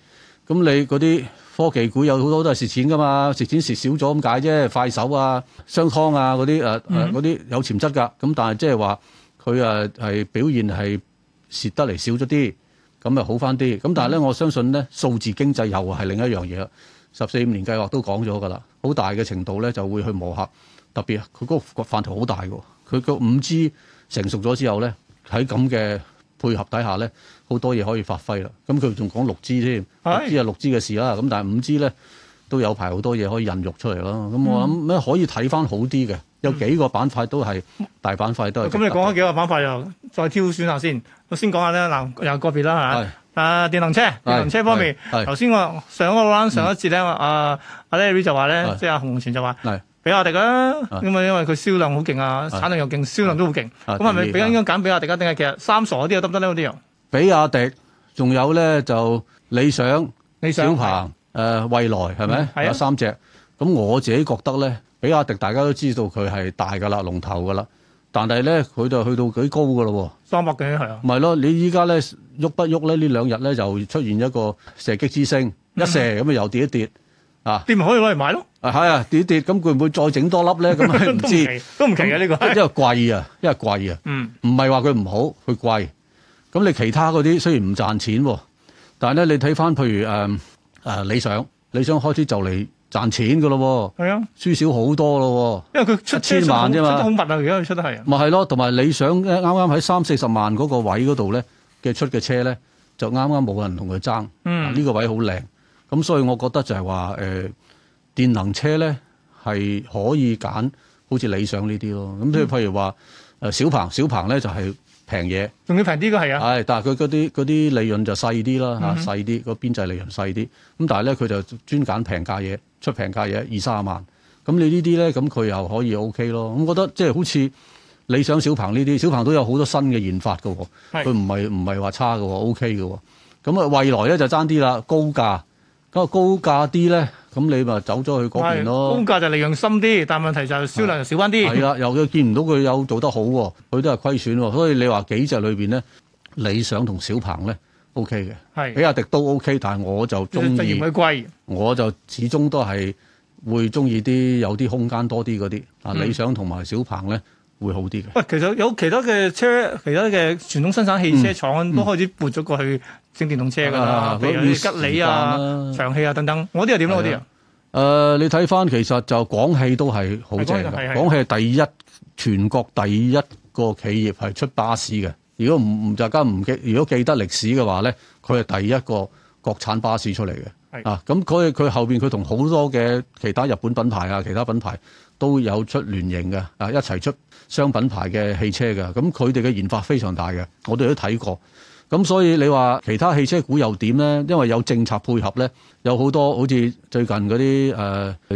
S4: 咁你嗰啲科技股有好多都係蝕錢噶嘛，蝕錢蝕少咗咁解啫。快手啊、商湯啊嗰啲嗰啲有潛質噶，咁但係即係話佢啊係表現係蝕得嚟少咗啲，咁咪好返啲。咁但係咧，我相信咧，數字經濟又係另一樣嘢啦。十四五年計劃都講咗噶啦，好大嘅程度咧就會去磨合，特別佢嗰個範疇好大嘅，佢個五 G 成熟咗之後咧喺咁嘅。配合底下咧，好多嘢可以發揮啦。咁佢仲講六支添，知係六支嘅事啦。咁但係五支咧都有排好多嘢可以孕育出嚟啦。咁、嗯、我諗咩可以睇翻好啲嘅？有幾個板塊都係、嗯、大板塊都係。咁、嗯、你講咗幾個板塊又
S1: 再挑選下先。我先講下咧，嗱有個別啦嚇。啊電動車，電動車方面，頭先我上個 round 上一節咧、嗯啊，阿阿 Larry 就話咧，即係阿洪洪泉就話。比亞迪啊因為因為佢銷量好勁啊，產量又勁，銷量都好勁。咁係咪俾應該揀比亞迪,迪啊？定係？其實三傻嗰啲又得唔得呢？嗰啲又？
S4: 比亞迪仲有咧就理想、理想、小鵬、誒蔚、呃、來，係咪、嗯？有三隻。咁我自己覺得咧，比亞迪大家都知道佢係大噶啦，龍頭噶啦。但係咧，佢就去到幾高噶咯？三百幾係啊？唔係咯，你依家咧喐不喐咧？兩呢兩日咧就出現一個射擊之星一射咁啊又跌一跌。嗯啊，跌咪可以攞嚟買咯，係啊，跌跌咁佢唔會再整多粒咧，咁係唔知，都唔奇啊呢個，因為貴啊，因為貴啊，嗯，唔係話佢唔好，佢貴，咁你其他嗰啲雖然唔賺錢，但係咧你睇翻譬如誒誒理想，理想開始就嚟賺錢噶咯，係啊，輸少好多咯，因為佢出千萬啫嘛，出得好
S1: 密啊而家佢出得係，
S4: 咪係咯，同埋理想啱啱喺三四十萬嗰個位嗰度咧嘅出嘅車咧，就啱啱冇人同佢爭，嗯，呢個位好靚。咁、嗯、所以，我覺得就係話誒電能車咧，係可以揀好似理想呢啲咯。咁譬如話小鵬，小鵬咧就係平嘢，仲要平啲嘅係啊。係、哎，但係佢嗰啲嗰啲利潤就細啲啦，嚇、啊、細啲個邊際利潤細啲。咁但係咧，佢就專揀平價嘢出平價嘢，二卅萬咁。你呢啲咧，咁佢又可以 O、OK、K 咯。咁覺得即係、就是、好似理想小鵬呢啲，小鵬都有好多新嘅研發喎，佢唔係唔係話差嘅，O K 嘅。咁、OK、啊，蔚來咧就爭啲啦，高價。高價啲咧，咁你咪走咗去嗰邊咯。高
S1: 價就利用深啲，但問題就銷量就少翻啲。係啦，
S4: 又佢見唔到佢有做得好喎，佢都係虧損喎。所以你話幾隻裏面咧，理想同小鵬咧 OK 嘅，比亞迪都 OK，但我就中意。嫌佢貴，我就始終都係會中意啲有啲空間多啲嗰啲。啊，理想同埋小鵬咧、嗯、會好啲嘅。喂，其實有其他嘅車，其他
S1: 嘅傳統生產汽車廠都開始撥咗過去。嗯嗯升電動車噶、啊，比如吉利啊、長汽啊，啊等等，嗰啲係點咯？嗰啲啊，
S4: 誒、呃，你睇返其實就廣汽都係好正，廣汽係第一是全國第一個企業係出巴士嘅。如果唔大家唔記，如果記得歷史嘅話咧，佢係第一個國產巴士出嚟嘅。啊，咁所以佢後邊佢同好多嘅其他日本品牌啊、其他品牌都有出聯營嘅啊，一齊出商品牌嘅汽車嘅。咁佢哋嘅研發非常大嘅，我哋都睇過。咁所以你話其他汽車股又點咧？因為有政策配合咧，有好多好似最近嗰啲誒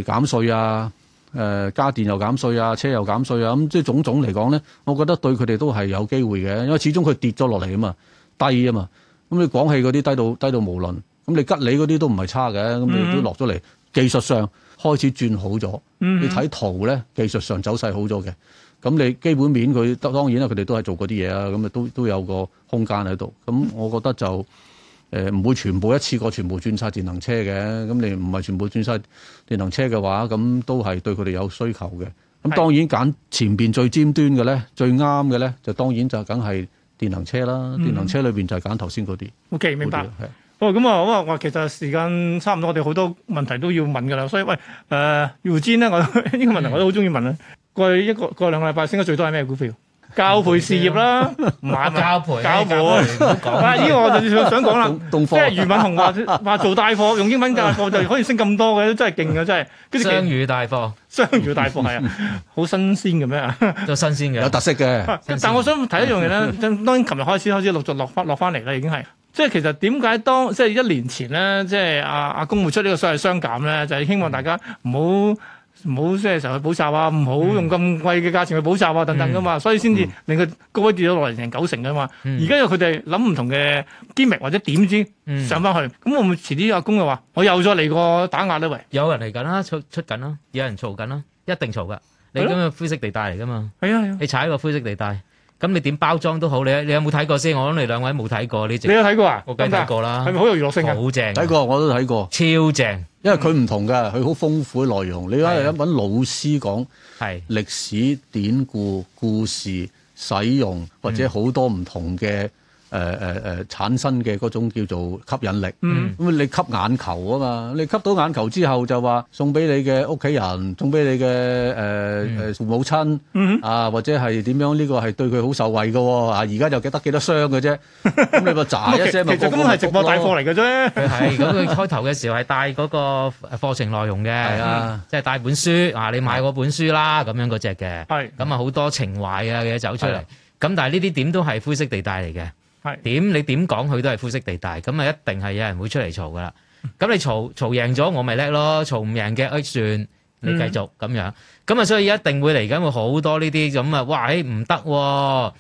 S4: 減稅啊、誒、呃、家電又減稅啊、車又減稅啊，咁即係種種嚟講咧，我覺得對佢哋都係有機會嘅，因為始終佢跌咗落嚟啊嘛，低啊嘛。咁你廣汽嗰啲低到低到無論，咁你吉利嗰啲都唔係差嘅，咁、mm-hmm、你都落咗嚟。技術上開始轉好咗，mm-hmm. 你睇圖咧，技術上走勢好咗嘅。咁你基本面佢，當然啦，佢哋都係做嗰啲嘢啦，咁啊都都有個空間喺度。咁我覺得就誒唔、呃、會全部一次過全部轉晒電能車嘅。咁你唔係全部轉晒電能車嘅話，咁都係對佢哋有需求嘅。咁當然揀前面最尖端嘅咧，最啱嘅咧，就當然就梗係電能車啦。嗯、電能車裏面就係揀頭先嗰啲。
S1: OK，明白。係。哦，咁啊，我話其實時間差唔多，我哋好多問題都要問噶啦。所以喂，誒 Eugene 呢個問題我都好中意問啊。過去一個過兩個禮拜升得最多係咩股票？教培事業啦， 培啊、教培教培。啊，呢 個說 我就想講啦，動動即係俞敏洪話話做大貨，用英文大貨就可以升咁多嘅，真係勁嘅，真係。雙語大貨，雙語大貨係啊，好 新鮮嘅咩？就新鮮嘅，有特色嘅。但係我想睇一樣嘢咧， 當然，琴日開始開始陸續落翻落翻嚟啦，已經係。即係其實點解當即係一年前咧，即係阿阿公推出這個商雙減呢個所謂雙減咧，就係、是、希望大家唔好。唔好即係成日去補習啊，唔好用咁貴嘅價錢去補習啊、嗯，等等噶嘛，所以先至令佢高位跌咗落嚟成九成噶嘛。而家又佢哋諗唔同嘅機明或者點先上翻去，咁、嗯、會唔會遲啲阿
S2: 公又話我又再嚟個打壓呢？喂，有人嚟緊啦，出出緊啦、啊，有人嘈緊啦，一定嘈噶。你咁嘅灰色地帶嚟噶嘛？係啊，係啊，你踩一個灰色地帶。咁你點包裝都好，你你有冇睇過先？我諗你兩位冇睇過呢隻。你有睇過啊？我梗係睇過啦。係咪好有娛樂性啊？好正，睇過我
S4: 都睇過。超正，因為佢唔同噶，佢好豐富嘅內容。你睇，一揾老師講歷史典故，故事使用或者好多唔同嘅。誒誒誒，產生嘅嗰種叫做吸引力，咁、嗯、你吸眼球啊嘛，你吸到眼球之後就話送俾你嘅屋企人，送俾你嘅誒誒父母親、嗯、啊，或者係點樣呢、呢個係對佢好受惠嘅喎，啊、而家又而家就得幾多箱嘅啫，咁、嗯、
S2: 你個窒一聲咪？其實根本係直播帶貨嚟
S4: 嘅啫。係，如果佢開
S2: 頭嘅時候係帶嗰個課程內容嘅，即 係、嗯就係、帶本書啊，你買嗰本書啦咁、嗯、樣嗰隻嘅，係，咁啊好多情懷啊嘅走出嚟，咁但係呢啲點都係灰色地帶嚟嘅。係點你點講佢都係灰色地帶，咁啊一定係有人會出嚟嘈噶啦。咁你嘈嘈贏咗，我咪叻咯；嘈唔贏嘅，哎算，你繼續咁樣。咁啊，所以一定會嚟緊會好多呢啲咁啊。哇，唉唔得啊！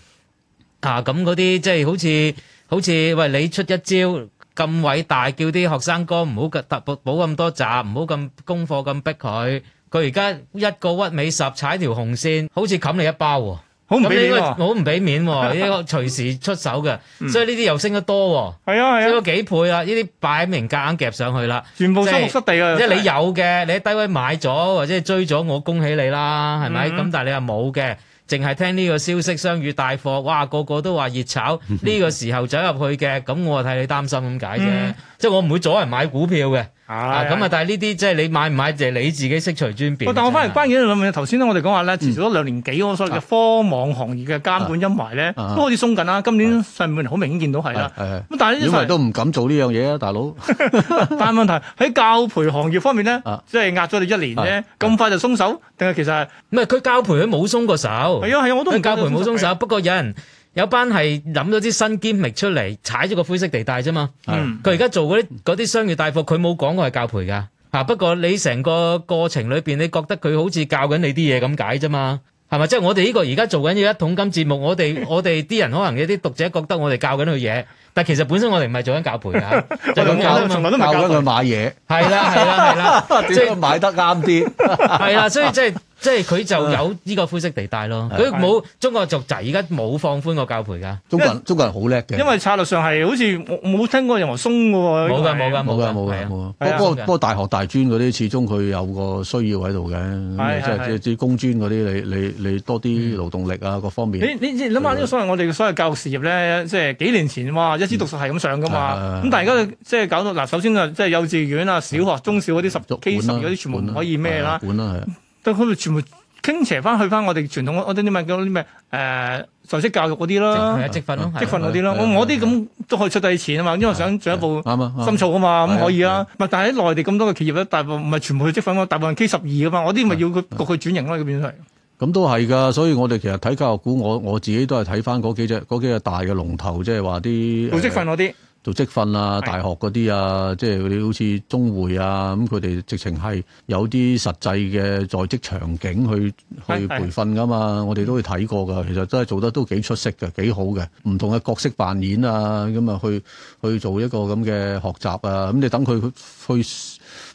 S2: 咁嗰啲即係好似好似喂，你出一招咁偉大，叫啲學生哥唔好咁特補補咁多習，唔好咁功課咁逼佢。佢而家一個屈尾十踩條紅線，好似冚你一包。好唔俾面喎，啊！好唔俾面喎！呢個隨時出手嘅， 所以呢啲又升得多喎，啊。係啊，啊，升咗幾倍啦，啊！呢啲擺明夾硬，硬夾上去啦，全部收復失地啊！即係你有嘅，你喺低位買咗或者追咗，我恭喜你啦，係咪？咁、嗯、但你又冇嘅，淨係聽呢個消息，相遇大貨，哇！個個都話熱炒，呢 個時候走入去嘅，咁我替你擔心咁解啫。嗯即係我唔會阻人買股票嘅，咁啊！但係呢啲即係你買唔買就係、是、你自己識隨尊便。但係我反而關於
S1: 頭先咧，我哋講話咧持續咗兩年幾，嗯、我所謂嘅科網行業嘅監管陰霾咧都好似鬆緊啦。嗯、今年上半年好明顯見到係啦。咁但係都唔
S4: 敢做呢樣嘢啊，大佬 。
S1: 但係問題喺教培行業方面咧，啊、即係壓咗你一年啫，咁快就鬆手？定係其實
S2: 係佢教培佢冇鬆個手。係啊係啊，我都鬆教培冇鬆手、啊，不過有人。有班係諗咗啲新兼 a 出嚟，踩咗個灰色地帶啫嘛。佢而家做嗰啲嗰啲商業大貨，佢冇講過係教培噶。不過你成個過程裏面，你覺得佢好似教緊你啲嘢咁解啫嘛？係咪？即、就、係、是、我哋呢個而家做緊嘅一桶金節目，我哋我哋啲人 可能有啲讀者覺得我哋教緊佢嘢。但其實本身我哋唔係做緊教培㗎，就 咁教佢買嘢，係啦係啦係啦，即係 買得啱啲，係啦，所以即係即係佢就有呢個灰色地帶咯。佢冇中國族做仔，而家冇放寬過教培㗎。中國中國係好叻嘅，因為策略上係好似冇冇聽過任何鬆嘅喎，冇㗎、冇㗎、冇㗎、冇㗎，不
S4: 過不過，不過大學大專嗰啲始終佢有個需要喺度嘅，即係即係工專嗰啲，你你你多啲勞動力啊各方面。嗯、
S1: 你你諗下呢個所謂我哋嘅所謂教育事業咧，即係幾年前哇知、 嗯、讀術係咁上噶嘛？咁但係而家即係搞到嗱，首先啊，即係幼稚園啊、小學、嗯、中小嗰啲十 K 十二嗰啲，全部唔可以咩啦？啊啊、是是都嗰度全部傾斜翻去翻我哋傳統，我我啲咩叫啲咩誒就職教育嗰啲咯？係啊，積分咯，積分嗰啲咯。是是是是我是是是我啲咁都可以出第啲錢啊嘛，是是是因為我想進一步深造啊嘛，咁可以啊。唔但係喺內地咁多嘅企業咧，大部分唔係全部去積分咯，大部分 K 十二噶嘛。我啲咪要佢焗佢轉型咯、啊，佢變咗係。
S4: 咁都係噶，所以我哋其實睇教育股，我我自己都係睇翻嗰幾隻、嗰幾隻大嘅龍頭，即係話啲培訓嗰啲做職訓、呃、啊、大學嗰啲啊，即係佢哋好似中匯啊，咁佢哋直情係有啲實際嘅在職場景去去培訓噶嘛，我哋都去睇過噶，其實都係做得都幾出色嘅，幾好嘅，唔同嘅角色扮演啊，咁啊去去做一個咁嘅學習啊，咁你等佢去。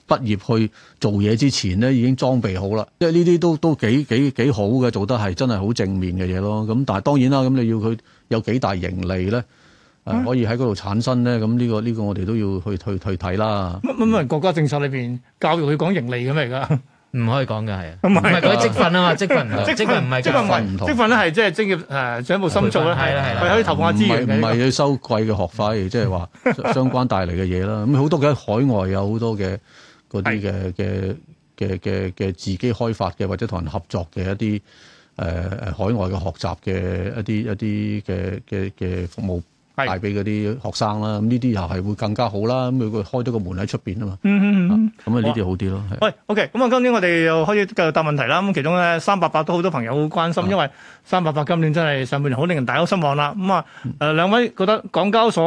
S4: 畢業去做嘢之前咧，已經裝備好啦。即係呢啲都都幾幾幾好嘅，做得係真係好正面嘅嘢咯。咁但係當然啦，咁你要佢有幾大盈利咧，啊啊，可以喺嗰度產生咧。咁呢個呢個我哋都要去去睇啦。
S1: 乜乜乜國家政策裏邊教育佢講盈利咁，而家唔可以講嘅係。唔係嗰啲積分啊，啊嘛，積分積分唔係積分唔係唔同積分咧，係即係職業誒長務深造。咧，係啦係啦，係可以投放下資源嘅。唔係唔係要
S4: 收貴嘅學費，即係話相關帶嚟嘅嘢啦。咁好多嘅海外有好多嘅。嗰啲自己開發嘅或者同人合作嘅一啲、呃、海外嘅學習嘅一啲一啲嘅服務。係賣俾嗰啲學生啦，咁呢啲又係會更加好啦。咁佢開咗個門喺出邊啊嘛。嗯嗯，咁啊呢啲好啲咯。喂，OK，咁啊，嗯嗯、
S1: 好 okay, 今年我哋又開始繼續答問題啦。咁其中咧，三百八都好多朋友好關心、啊，因為三百八今年真係上半年好令人大都失望啦。咁、嗯、啊，誒、嗯、兩位覺得港交所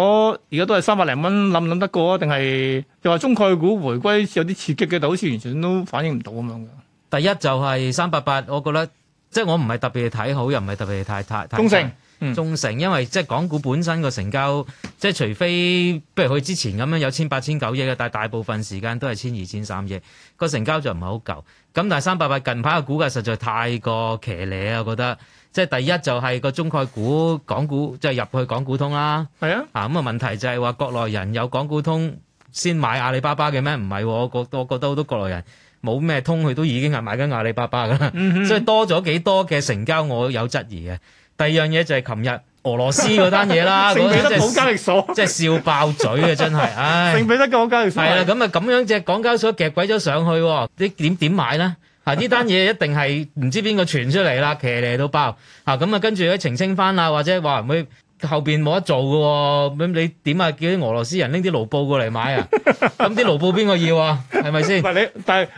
S1: 而家都係三百零蚊諗唔諗得過啊？定係又話中
S2: 概股回歸有啲刺激嘅，但好似完全都反應唔到咁樣嘅。第一就係三百八，我覺得即係我唔係特別睇好，又唔係特別太太。中性。中成，因為即係港股本身個成交，即係除非不如佢之前咁樣有千八千九億嘅，但係大部分時間都係千二千三億，個成交就唔係好夠。咁但係三百八近排嘅股價實在太過騎呢啊，我覺得即係第一就係個中概股港股，即係入去港股通啦。係啊，啊咁啊問題就係、是、話國內人有港股通先買阿里巴巴嘅咩？唔係我覺，我覺得好多國內人冇咩通，佢都已經係買緊阿里巴巴噶啦、嗯，所以多咗幾多嘅成交，我有質疑嘅。第二樣嘢就係琴日俄羅斯嗰單嘢啦，成 俾、就是、得港交所，即係笑爆嘴啊真係，唉、 哎，成俾得港交易所係啦，咁啊咁樣隻港交所夾鬼咗上去，啲點點買咧？ 啊呢單嘢一定係唔知邊個傳出嚟啦，騎呢都爆啊！咁啊跟住咧澄清翻啊，或者話唔會。後邊冇得做嘅、哦，咁你點啊？叫啲俄羅斯人拎啲盧布過嚟買啊？咁啲盧布邊個要啊？係咪先？係你，但係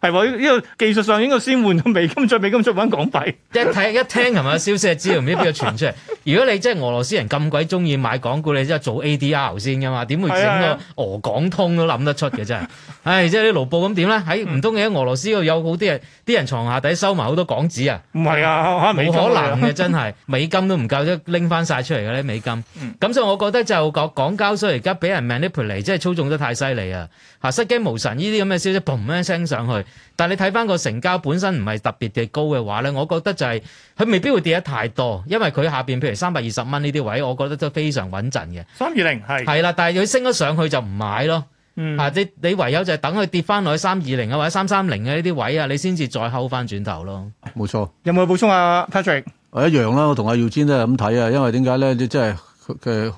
S2: 係喎呢個技術上應該先換
S1: 到美金，再美金出翻港幣。
S2: 一睇一聽係咪消息知道，後，唔知邊個傳出嚟？如果你真係俄羅斯人咁鬼中意買港股，你真係做 ADR 先噶嘛？點會整個俄港通都諗得出嘅真係？唉、 哎，即係啲盧布咁點咧？喺唔通喺俄羅斯度有好啲人，啲人床下底收埋好多港紙啊？唔 係啊，好、啊、可能嘅真係，美金都唔夠，即拎。翻晒出嚟嘅咧美金，咁、嗯、所以我覺得就講港交所而家俾人命啲賠嚟，即係操縱得太犀利啊！吓失驚無神，呢啲咁嘅消息 b 一聲上去。但係你睇翻個成交本身唔係特別嘅高嘅話咧，我覺得就係、是、佢未必會跌得太多，因為佢下邊譬如三百二十蚊呢啲位，我覺得都非常穩陣嘅。三二零係係啦，但係佢升咗上去就唔買咯。啊、嗯，你你唯有就係等佢跌翻落去三二零啊或者三三零嘅呢啲位啊，你先至再摳翻轉頭咯。
S4: 冇錯。有冇補充啊，Patrick？一樣啦，我同阿耀堅都係咁睇啊，因為點解咧？即係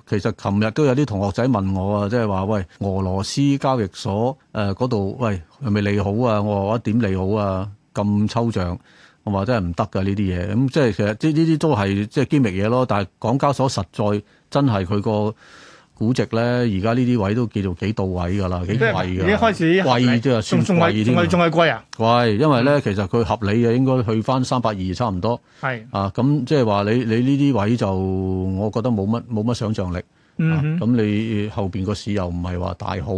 S4: 其實琴日都有啲同學仔問我啊，即係話喂，俄羅斯交易所誒嗰度喂係咪利好啊？我話點利好啊？咁抽象，我話真係唔得噶呢啲嘢。咁即係其實即係呢啲都係即係機密嘢咯。但係港交所實在真係佢個。估值咧，而家呢啲位都叫做幾到位噶啦，幾貴噶。開始貴，即係算貴啲。仲係仲係貴啊？貴，因為咧其實佢合理嘅應該去返三百二差唔多。係啊，咁即係話你你呢啲位就我覺得冇乜冇乜想像力。咁、嗯哼、你後面個市又唔係話大好，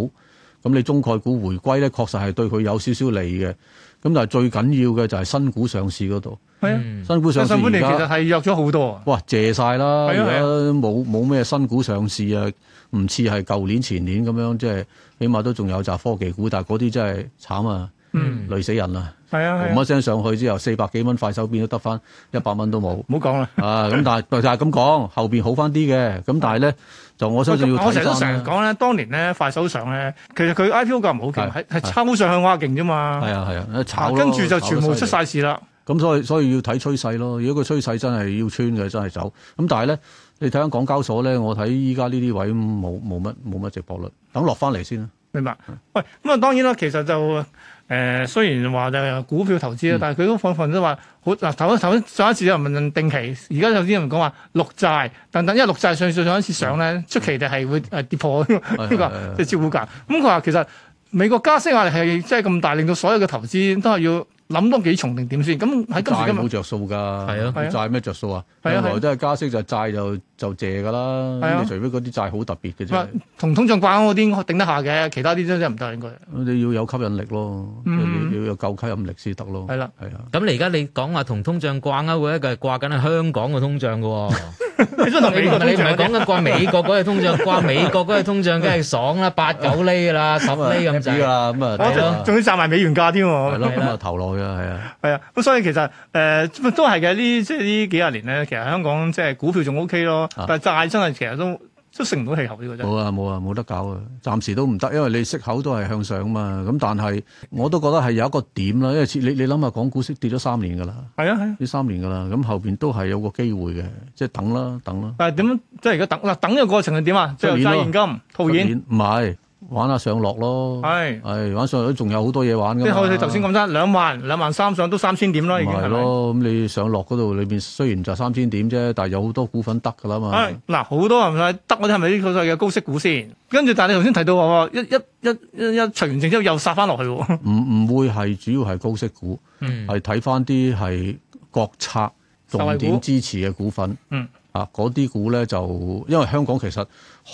S4: 咁你中概股回歸咧，確實係對佢有少少利嘅。咁但係最緊要嘅就係新股上市嗰度、啊，新股上市、嗯、本嚟其實係弱咗好多。哇，借晒啦，冇冇咩新股上市啊？唔似係舊年、前年咁樣，即係起碼都仲有集科技股，但係嗰啲真係慘啊！嗯，累死人啦！
S3: 係啊，紅一
S4: 聲上去之後，四百幾蚊快手變咗得翻一百蚊都冇，唔好講啦啊！咁但係就係咁講，後邊好翻啲嘅。咁、啊、但係咧就我相信要我成日都成
S1: 日講咧，當年咧快手上咧，
S4: 其實佢 I P O 價唔好
S1: 勁，係係炒上去哇勁啫嘛。係啊
S4: 係啊，啊啊啊啊啊跟住就全部出晒事啦。咁、啊、所以所以要睇趨勢咯。如果個趨勢真係要穿嘅，真係走。咁但係咧，你睇下港交所咧，我睇依家呢啲位冇冇乜冇乜值博率，等落翻嚟先啦。明白、啊啊？喂，咁啊，當然啦，其實就。誒、呃、雖然話就係股票投資啦、嗯，但係佢都
S1: 彷彿都話好嗱，頭先頭先上一次有人問定期，而家有啲人講話綠債，等等，因為綠債上上上一次上咧、嗯，出奇地係會誒跌破呢個即係招股價。咁佢話其實美國加息壓力係真係咁大，令到所有嘅投資都係要諗多幾重定點
S4: 先。咁喺今時今日冇着數㗎，係啊，債咩着數啊？原來都係加息就債就。就借噶啦，除非嗰啲債好特別嘅啫。同通脹掛鈎嗰啲頂得下嘅，其他
S1: 啲
S2: 都真唔得應該。你要有吸引力咯，嗯、你要有夠吸引力先得咯。係啦，係啊。咁、啊、你而家你講話同通脹掛鈎，一個係掛緊係香港嘅通脹嘅喎、哦。 你唔係講緊掛美國嗰個通脹，掛美國嗰個通脹梗係爽啦，八九厘啦，
S4: 十厘咁滯啦，咁啊，係、呃、咯，仲、呃呃、
S1: 要賺埋美元價添喎。係咯，咁啊
S4: 投落去啦，係啊。係
S1: 啊，咁、啊啊啊、所以其實誒、呃、都係嘅，幾十年呢即係呢幾廿年咧，其實香港即係股票仲 OK 咯。啊、但係債真係其實都都食唔到氣候呢個
S4: 啫，冇啊冇啊冇得搞啊！暫時都唔得，因為你息口都係向上嘛。咁但係我都覺得係有一個點啦，因為你諗下，港股息跌咗三年㗎啦。係啊係啊，呢三年㗎啦。咁後面都係有個機會嘅，即係等啦等啦。但係點樣？
S1: 即係而家等等嘅過程係點啊？
S4: 再揸現金套現。唔係。玩下上落咯，係係、哎、玩上落都仲有好多嘢玩噶。即係你頭先
S1: 咁啫，兩萬
S4: 兩萬三上都三千點咯，已經係咁、就是嗯、你上落嗰度裏邊雖然就三千點啫，但係有好多股份得噶啦嘛。係
S1: 嗱，好多係咪？得我啲係咪呢個所謂嘅高息股先？跟住，但係你頭先提到話，一一一一一除完淨之後又殺翻落去。唔
S4: 唔會係主要係高息股，係睇翻啲係國策重點支持嘅股份。股嗯啊，嗰啲股咧就因為香港其實。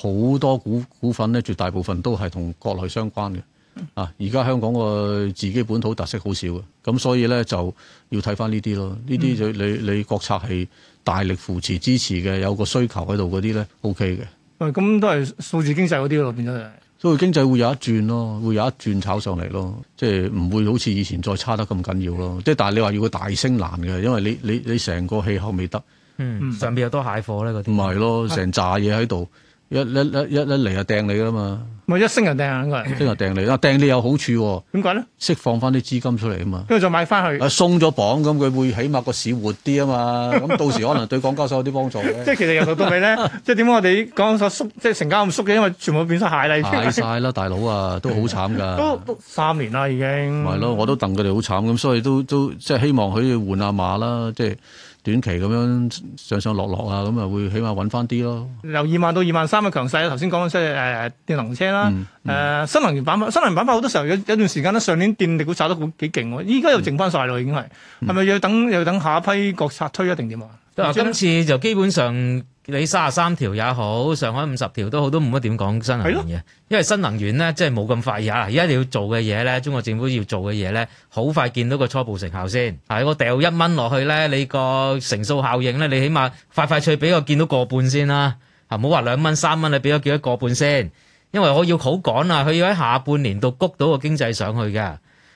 S4: 好多股股份咧，絕大部分都係同國內相關嘅。啊，而家香港個自己本土特色好少嘅，咁所以咧就要睇返呢啲咯。呢啲就你你國策係大力扶持支持嘅，有個需求喺度嗰啲咧，O K 嘅。
S1: 喂、OK，咁、嗯嗯、都係數字經濟嗰啲咯，變咗係
S4: 數字經濟會有一轉咯，會有一轉炒上嚟咯。即係唔會好似以前再差得咁緊要咯。即係但係你話要個大升難嘅，因為你你你成個氣候未得。嗯，上面有多蟹貨咧嗰啲。唔係咯，成紮嘢喺度。啊一一一一嚟就掟你噶嘛，咪一升人掟下兩個人，升就掟你，啊掟你有好處，啊，點解咧？釋放翻啲資金出嚟啊嘛，跟
S1: 住再買翻去，啊
S4: 鬆咗綁咁，佢會起碼個市活啲啊嘛，咁 到時可能對港交所有啲幫助嘅。 即係其實由頭到尾咧， 即係點解我
S1: 哋講緊縮，即係成交咁
S4: 縮嘅，因為全部變晒蟹啦，蟹晒啦大佬啊，都好慘噶，都三年啦已經。係、就、咯、是，我都戥佢哋好慘咁，所以都都即係希望佢哋換下馬啦，即係。短期咁樣上上落落啊，咁啊會起碼揾翻啲咯。
S1: 由二萬到二萬三嘅強勢，頭先講緊即係誒電能車啦，誒、嗯嗯呃、新能源板板新能源板塊好多時候有有段時間咧，上年電力股炒得好幾勁喎，依家又剩翻晒啦，已經係係咪要等又、嗯、等下一批國策推一定點啊？今次，
S2: 次就基本上。你三十三條也好，上海五十條都好，都唔乜點講新能源嘅，因為新能源呢，真係冇咁快。而家要做嘅嘢呢，中國政府要做嘅嘢呢，好快見到個初步成效先。我掉一蚊落去呢，你個乘數效應呢，你起碼快快脆畀我見到個半先啦。嚇，唔好話兩蚊三蚊，你俾我見到個半先，因為我要好趕啦，佢要喺下半年度谷到個經濟上去㗎。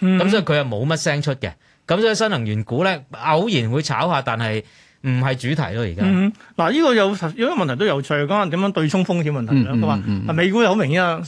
S2: 咁、嗯、所以佢又冇乜聲出嘅，咁所以新能源股咧偶然會炒下，但係唔係主題咯而家。嗱、嗯、呢、這個有有個問題都有
S1: 趣。講下點樣對沖風險問題，佢話、嗯嗯嗯嗯，美股又好明顯啊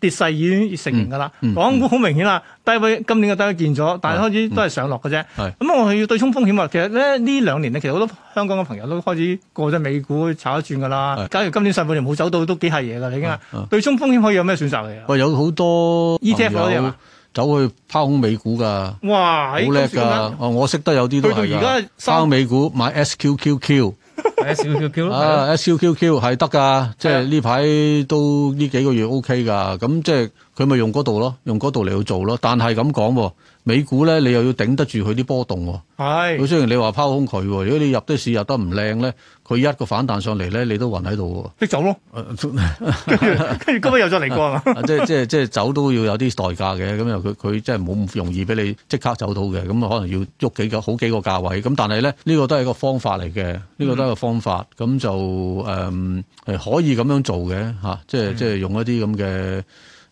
S1: 跌勢已經成型噶啦，港股好明顯啦、嗯、低位，今年嘅低位見咗，但係開始都係上落嘅啫。咁、嗯嗯、我哋要對沖風險啊。其實咧呢兩年其實好多香港嘅朋友都開始過咗美股炒一轉噶啦。假如今年上半年冇走到，都幾係嘢噶你已經、嗯嗯。對沖風險可以有咩選擇嚟啊？
S4: 喂、呃，有好多 ETF 嗰啲走去拋空美股噶，好叻噶！我識得有啲都係，而家拋空美股買 SQQQ，SQQQ 啊 SQQQ 係得噶，即係呢排都呢幾個月 OK 噶，咁即係佢咪用嗰度咯，用嗰度嚟去做咯，但係咁講喎。美股咧，你又要頂得住佢啲波動喎。係。佢雖然你話拋空佢喎、哦，如果你入啲市入得唔靚咧，佢一個反彈上嚟咧，你都暈喺度喎。你走咯。 跟住跟住，今日又再嚟過啦。即即即走都要有啲代價嘅，咁又佢佢即係冇咁容易俾你即刻走到嘅，咁啊可能要喐幾個好幾個價位。咁但係咧，呢個都係一個方法嚟嘅，呢個都係一個方法。咁就誒，係可以咁樣做嘅、吓、即即係用一啲咁嘅。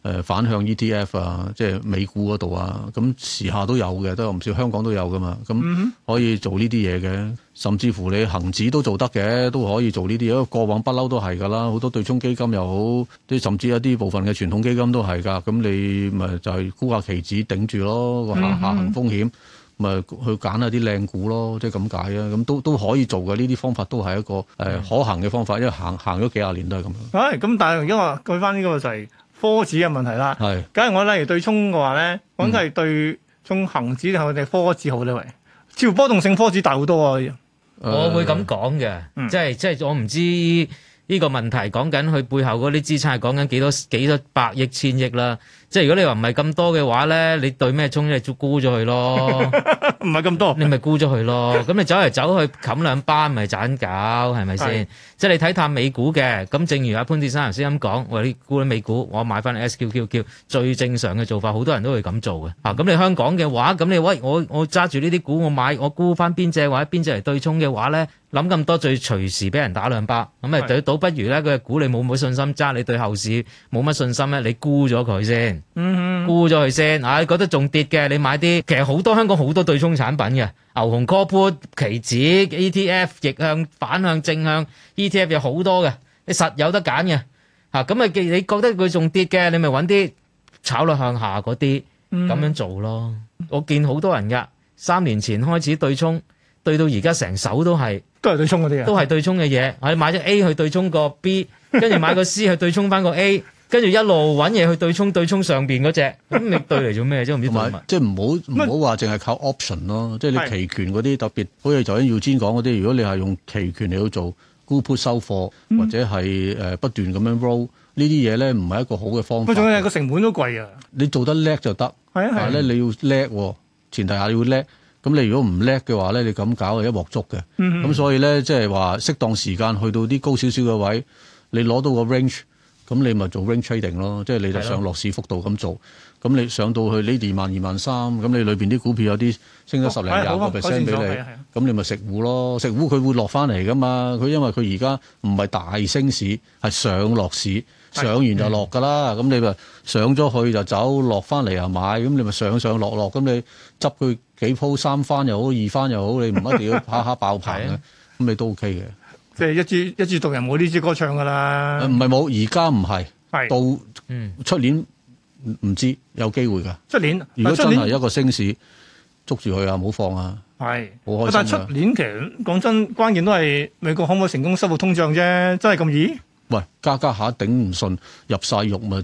S4: 誒反向 ETF 啊，即係美股嗰度啊，咁時下都有嘅，都唔少香港都有噶嘛，咁可以做呢啲嘢嘅，甚至乎你恒指都做得嘅，都可以做呢啲嘢，因為過往不嬲都係噶啦，好多對沖基金又好，啲甚至一啲部分嘅傳統基金都係噶，咁你咪就係沽下期指頂住咯，個下，下行風險，咪、嗯嗯嗯、去揀下啲靚股咯，即係咁解啊，咁都都可以做嘅，呢啲方法都係一個誒、嗯嗯、可行嘅方法，因為行行咗幾廿年都係咁。係、啊，咁但係因為據翻呢個就係。波子嘅問題啦，假如我
S1: 例如對沖嘅話咧，揾係對沖恒指定係我哋科指好咧？為、嗯，超波動性科指大好多啊！我會咁講嘅，
S2: 即係即係我唔知呢個問題講緊佢背後嗰啲資產係講緊幾多幾多百億千億啦。即係如果你不是話唔係咁多嘅話咧，你對咩沖即就沽咗佢咯？唔係咁多，你咪沽咗佢咯？咁 你走嚟走去冚兩班，咪盞搞，係咪先？即係你睇探美股嘅，咁正如阿潘鐵珊頭先咁講，我啲沽咗美股，我買翻嚟 SQQQ，最正常嘅做法好多人都會咁做嘅。啊，咁你香港嘅話，咁你喂我我揸住呢啲股，我買我沽翻邊隻或者邊隻嚟對沖嘅話咧，諗咁多最隨時俾人打兩巴，咁咪倒不如咧？佢股你冇乜信心，揸你對後市冇乜信心咧，你沽咗佢先。嗯、mm -hmm.，沽咗佢先，吓覺得仲跌嘅，你買啲，其實好多香港好多對沖產品嘅，牛熊 call put 期指 ETF 逆向、反向、正向 ETF 有好多嘅，你實有得揀嘅，吓咁啊，你你覺得佢仲跌嘅，你咪揾啲炒落向下嗰啲咁樣做咯。我見好多人噶，三年前開始對沖，對到而家成手都係，都係對沖嗰啲啊，都係對沖嘅嘢，我買咗 A 去對沖個 B，跟住買個 C 去對沖翻個 A。 跟住一路揾嘢去對沖，對沖上邊嗰隻咁你對
S4: 嚟做咩？啫，唔知埋，即係唔好唔好話淨係靠 option 咯。即係你期權嗰啲特別，好似頭先耀堅講嗰啲，如果你係用期權嚟到做沽 put 收貨、嗯、或者係誒不斷咁樣 roll 呢啲嘢咧，唔係一個好嘅方法。不過仲係個成本都貴啊！你做得叻就得，啊，但係咧你要叻，前提下你要叻。咁你如果唔叻嘅話咧，你咁搞係一鑊粥嘅。咁、嗯、所以咧即係話適當時間去到啲高少少嘅位，你攞到個 range。咁你咪做 range trading 咯，即係你就上落市幅度咁做。咁你上到去呢二萬二萬三，咁你裏面啲股票有啲升咗十零廿個 percent 俾你，咁你咪食糊咯。食糊佢會落翻嚟噶嘛？佢因為佢而家唔係大升市，係上落市，上完就落噶啦。咁你咪上咗去就走，落翻嚟又買。咁你咪上上落落，咁你執佢幾鋪三番又好，二番又好，你唔一定要下下爆棚。咁你都 OK 嘅。即係一支一支獨人冇呢支歌唱噶啦，唔係冇，而家唔係，到出年唔、嗯、知有機會噶。出年如果真係一個升市，捉住佢啊，唔好放啊。係，好開心啊！但係出
S1: 年其實講真，關鍵都係美國可唔可以成功收復通脹啫？真係咁易？
S4: 喂，加加下頂唔順，入晒肉咪。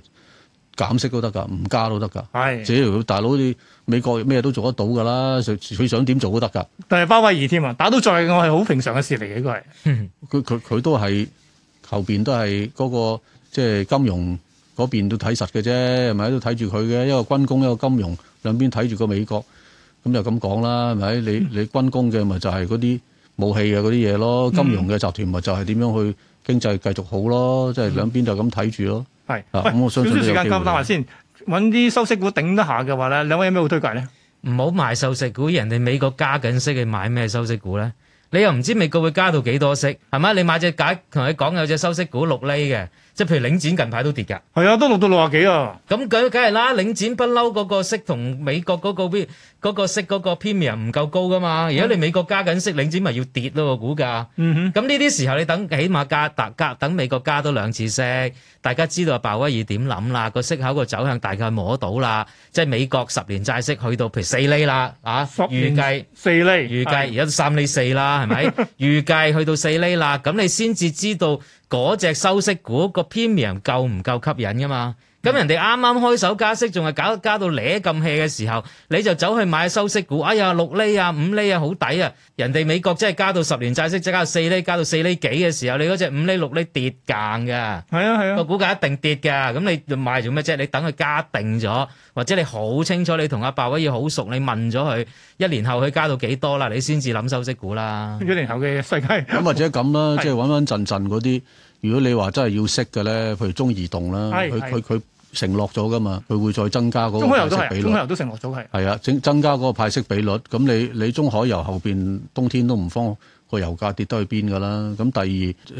S4: 減息都得噶，唔加都得噶。係，自己大佬，你美國咩都做得到噶啦，佢想點做都得噶。但係鮑威爾添啊，打到再我係好平常嘅事嚟嘅，應該係。佢佢佢都係後邊都係嗰、那個即係、就是、金融嗰邊都睇實嘅啫，係咪喺度睇住佢嘅？一個軍工，一個金融，兩邊睇住個美國，咁就咁講啦，係咪？你你軍工嘅咪就係嗰啲武器嘅嗰啲嘢咯，金融嘅集團咪就係點樣去經濟繼續好咯，即、就、係、是、兩邊就咁睇住咯。嗯係，喂，少少時間交答話
S1: 先，揾啲收
S2: 息股頂得下嘅話咧，兩位有咩好推介咧？唔好買收息股，人哋美國加緊息，你買咩收息股咧？你又唔知美國會加到幾多息，係咪？你買隻解，同佢講有隻收息股六厘嘅。即係譬如領展近排都跌㗎，係啊，都六到六十幾啊。咁佢梗係啦，領展不嬲嗰個息同美國嗰個 premium 嗰個息嗰個 premium 唔夠高㗎嘛。而家你美國加緊息，領展咪要跌咯個估價。嗯哼。
S3: 咁呢啲時候你
S2: 等起碼加特加等美國加多兩次息，大家知道阿鮑威爾點諗啦？個息口個走向大概摸到啦。即係美國十年債息去到譬如四厘啦，啊，預計四厘，預計而家都三厘四啦，係咪？3, 預計去到四厘啦，咁你先至知道。嗰、那、隻、個、收息股個編名夠唔夠吸引噶嘛？咁人哋啱啱開手加息，仲係搞加到你咁氣嘅時候，你就走去買收息股。哎呀，六厘啊，五厘啊，好抵啊！人哋美國真係加到十年債息，即係加到四厘，加到四厘幾嘅時候，你嗰隻五厘六厘跌硬㗎。係啊係啊，個股價一定跌㗎。咁你買做咩啫？你等佢加定咗，或者你好清楚，你同鮑威爾好熟，你問咗佢一年後佢加到幾多啦？你先至諗收息股啦。
S4: 一年後嘅世界咁或者咁啦，即係穩穩陣陣嗰啲。如果你話真係要息嘅咧，譬如中移動啦，佢佢佢承諾咗噶嘛，佢會再增加嗰個派息比率。中海油都，中海油都承諾咗係係啊，增增加嗰個派息比率，咁你你中海油後邊冬天都唔慌，個油價跌得去邊噶啦。咁第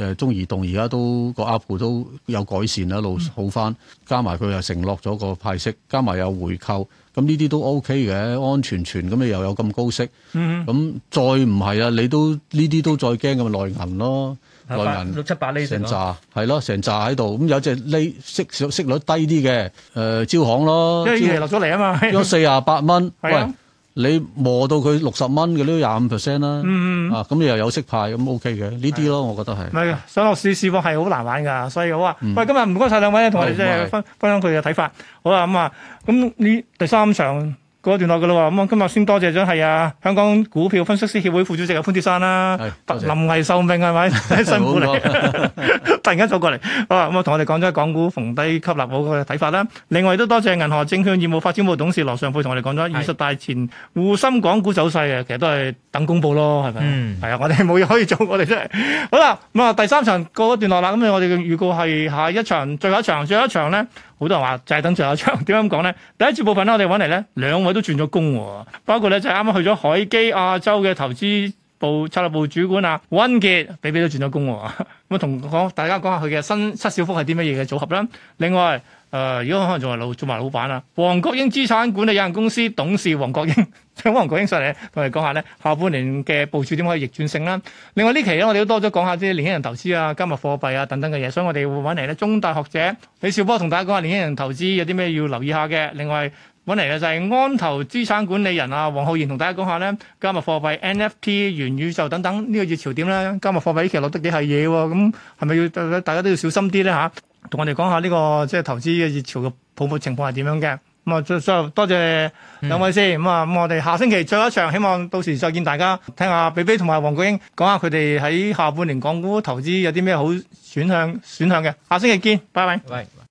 S4: 二誒，中移動而家都個 up 都有改善啦，路好翻、嗯，加埋佢又承諾咗個派息，加埋有回購，咁呢啲都 OK 嘅，安全全咁你又有咁高息，咁再唔係啊，你都呢啲都再驚咁內銀咯。人八六七八厘成扎，係咯，成扎喺度。咁有隻厘息息率低啲嘅，誒、呃、招行咯。因為落咗嚟啊嘛，咁四 十八蚊。喂，你磨到佢六十蚊，佢都廿五 percent 啦。嗯嗯。啊，咁你又有息派，咁 OK 嘅。呢、嗯、啲咯，我覺得係。係啊，上落市市況係好難
S1: 玩㗎，所以好啊、嗯。喂，今日唔該晒兩位同我哋即係分分享佢嘅睇法。好啦，咁啊，咁呢第三場。過一段落噶啦喎，咁我今日先多謝咗係啊香港股票分析師協會副主席啊潘鐵珊啦，臨危受命係咪？真係辛苦你，突然間走過嚟啊！咁我同我哋講咗港股逢低吸納我嘅睇法啦。另外亦都多謝銀河證券業務發展部董事羅尚沛同我哋講咗二十大前滬深港股走勢嘅，其實都係等公布咯，係咪？係啊，我哋冇嘢可以做，我哋真係好啦。咁啊，第三場過一段落啦，咁我哋預告係下一場，最後一場，最後一場咧。好多人話就係等最後一場，點解咁講咧？第一節部分咧，我哋揾嚟咧，兩位都轉咗工喎、哦，包括咧就係啱啱去咗海基亞洲嘅投資部策略部主管啊，温傑俾俾都轉咗工喎、哦。咁 同大家講下佢嘅新七小福係啲乜嘢嘅組合啦。另外。誒、呃，如果可能仲係老仲埋老闆啦，黃國英資產管理有限公司董事黃國英，請 黃國英上嚟同你講下咧，下半年嘅部署點可以逆轉性啦。另外呢期咧，我哋都多咗講下啲年輕人投資啊，加密貨幣啊等等嘅嘢，所以我哋會搵嚟咧中大學者李少波同大家講下年輕人投資有啲咩要留意下嘅。另外搵嚟嘅就係安投資產管理人啊黃浩然同大家講下咧，加密貨幣 NFT 元宇宙等等呢、呢個熱潮點啦。加密貨幣呢期落得幾係嘢、啊，咁係咪要大家都要小心啲咧吓？同我哋講下呢、這個即係投資嘅熱潮嘅泡沫情況係點樣嘅咁啊，最後多謝兩位先咁啊，咁、嗯、我哋下星期最後一場，希望到時再見大家聽下比比同埋黃國英講下佢哋喺下半年港股投資有啲咩好選項選項嘅，下星期見，拜拜。拜拜。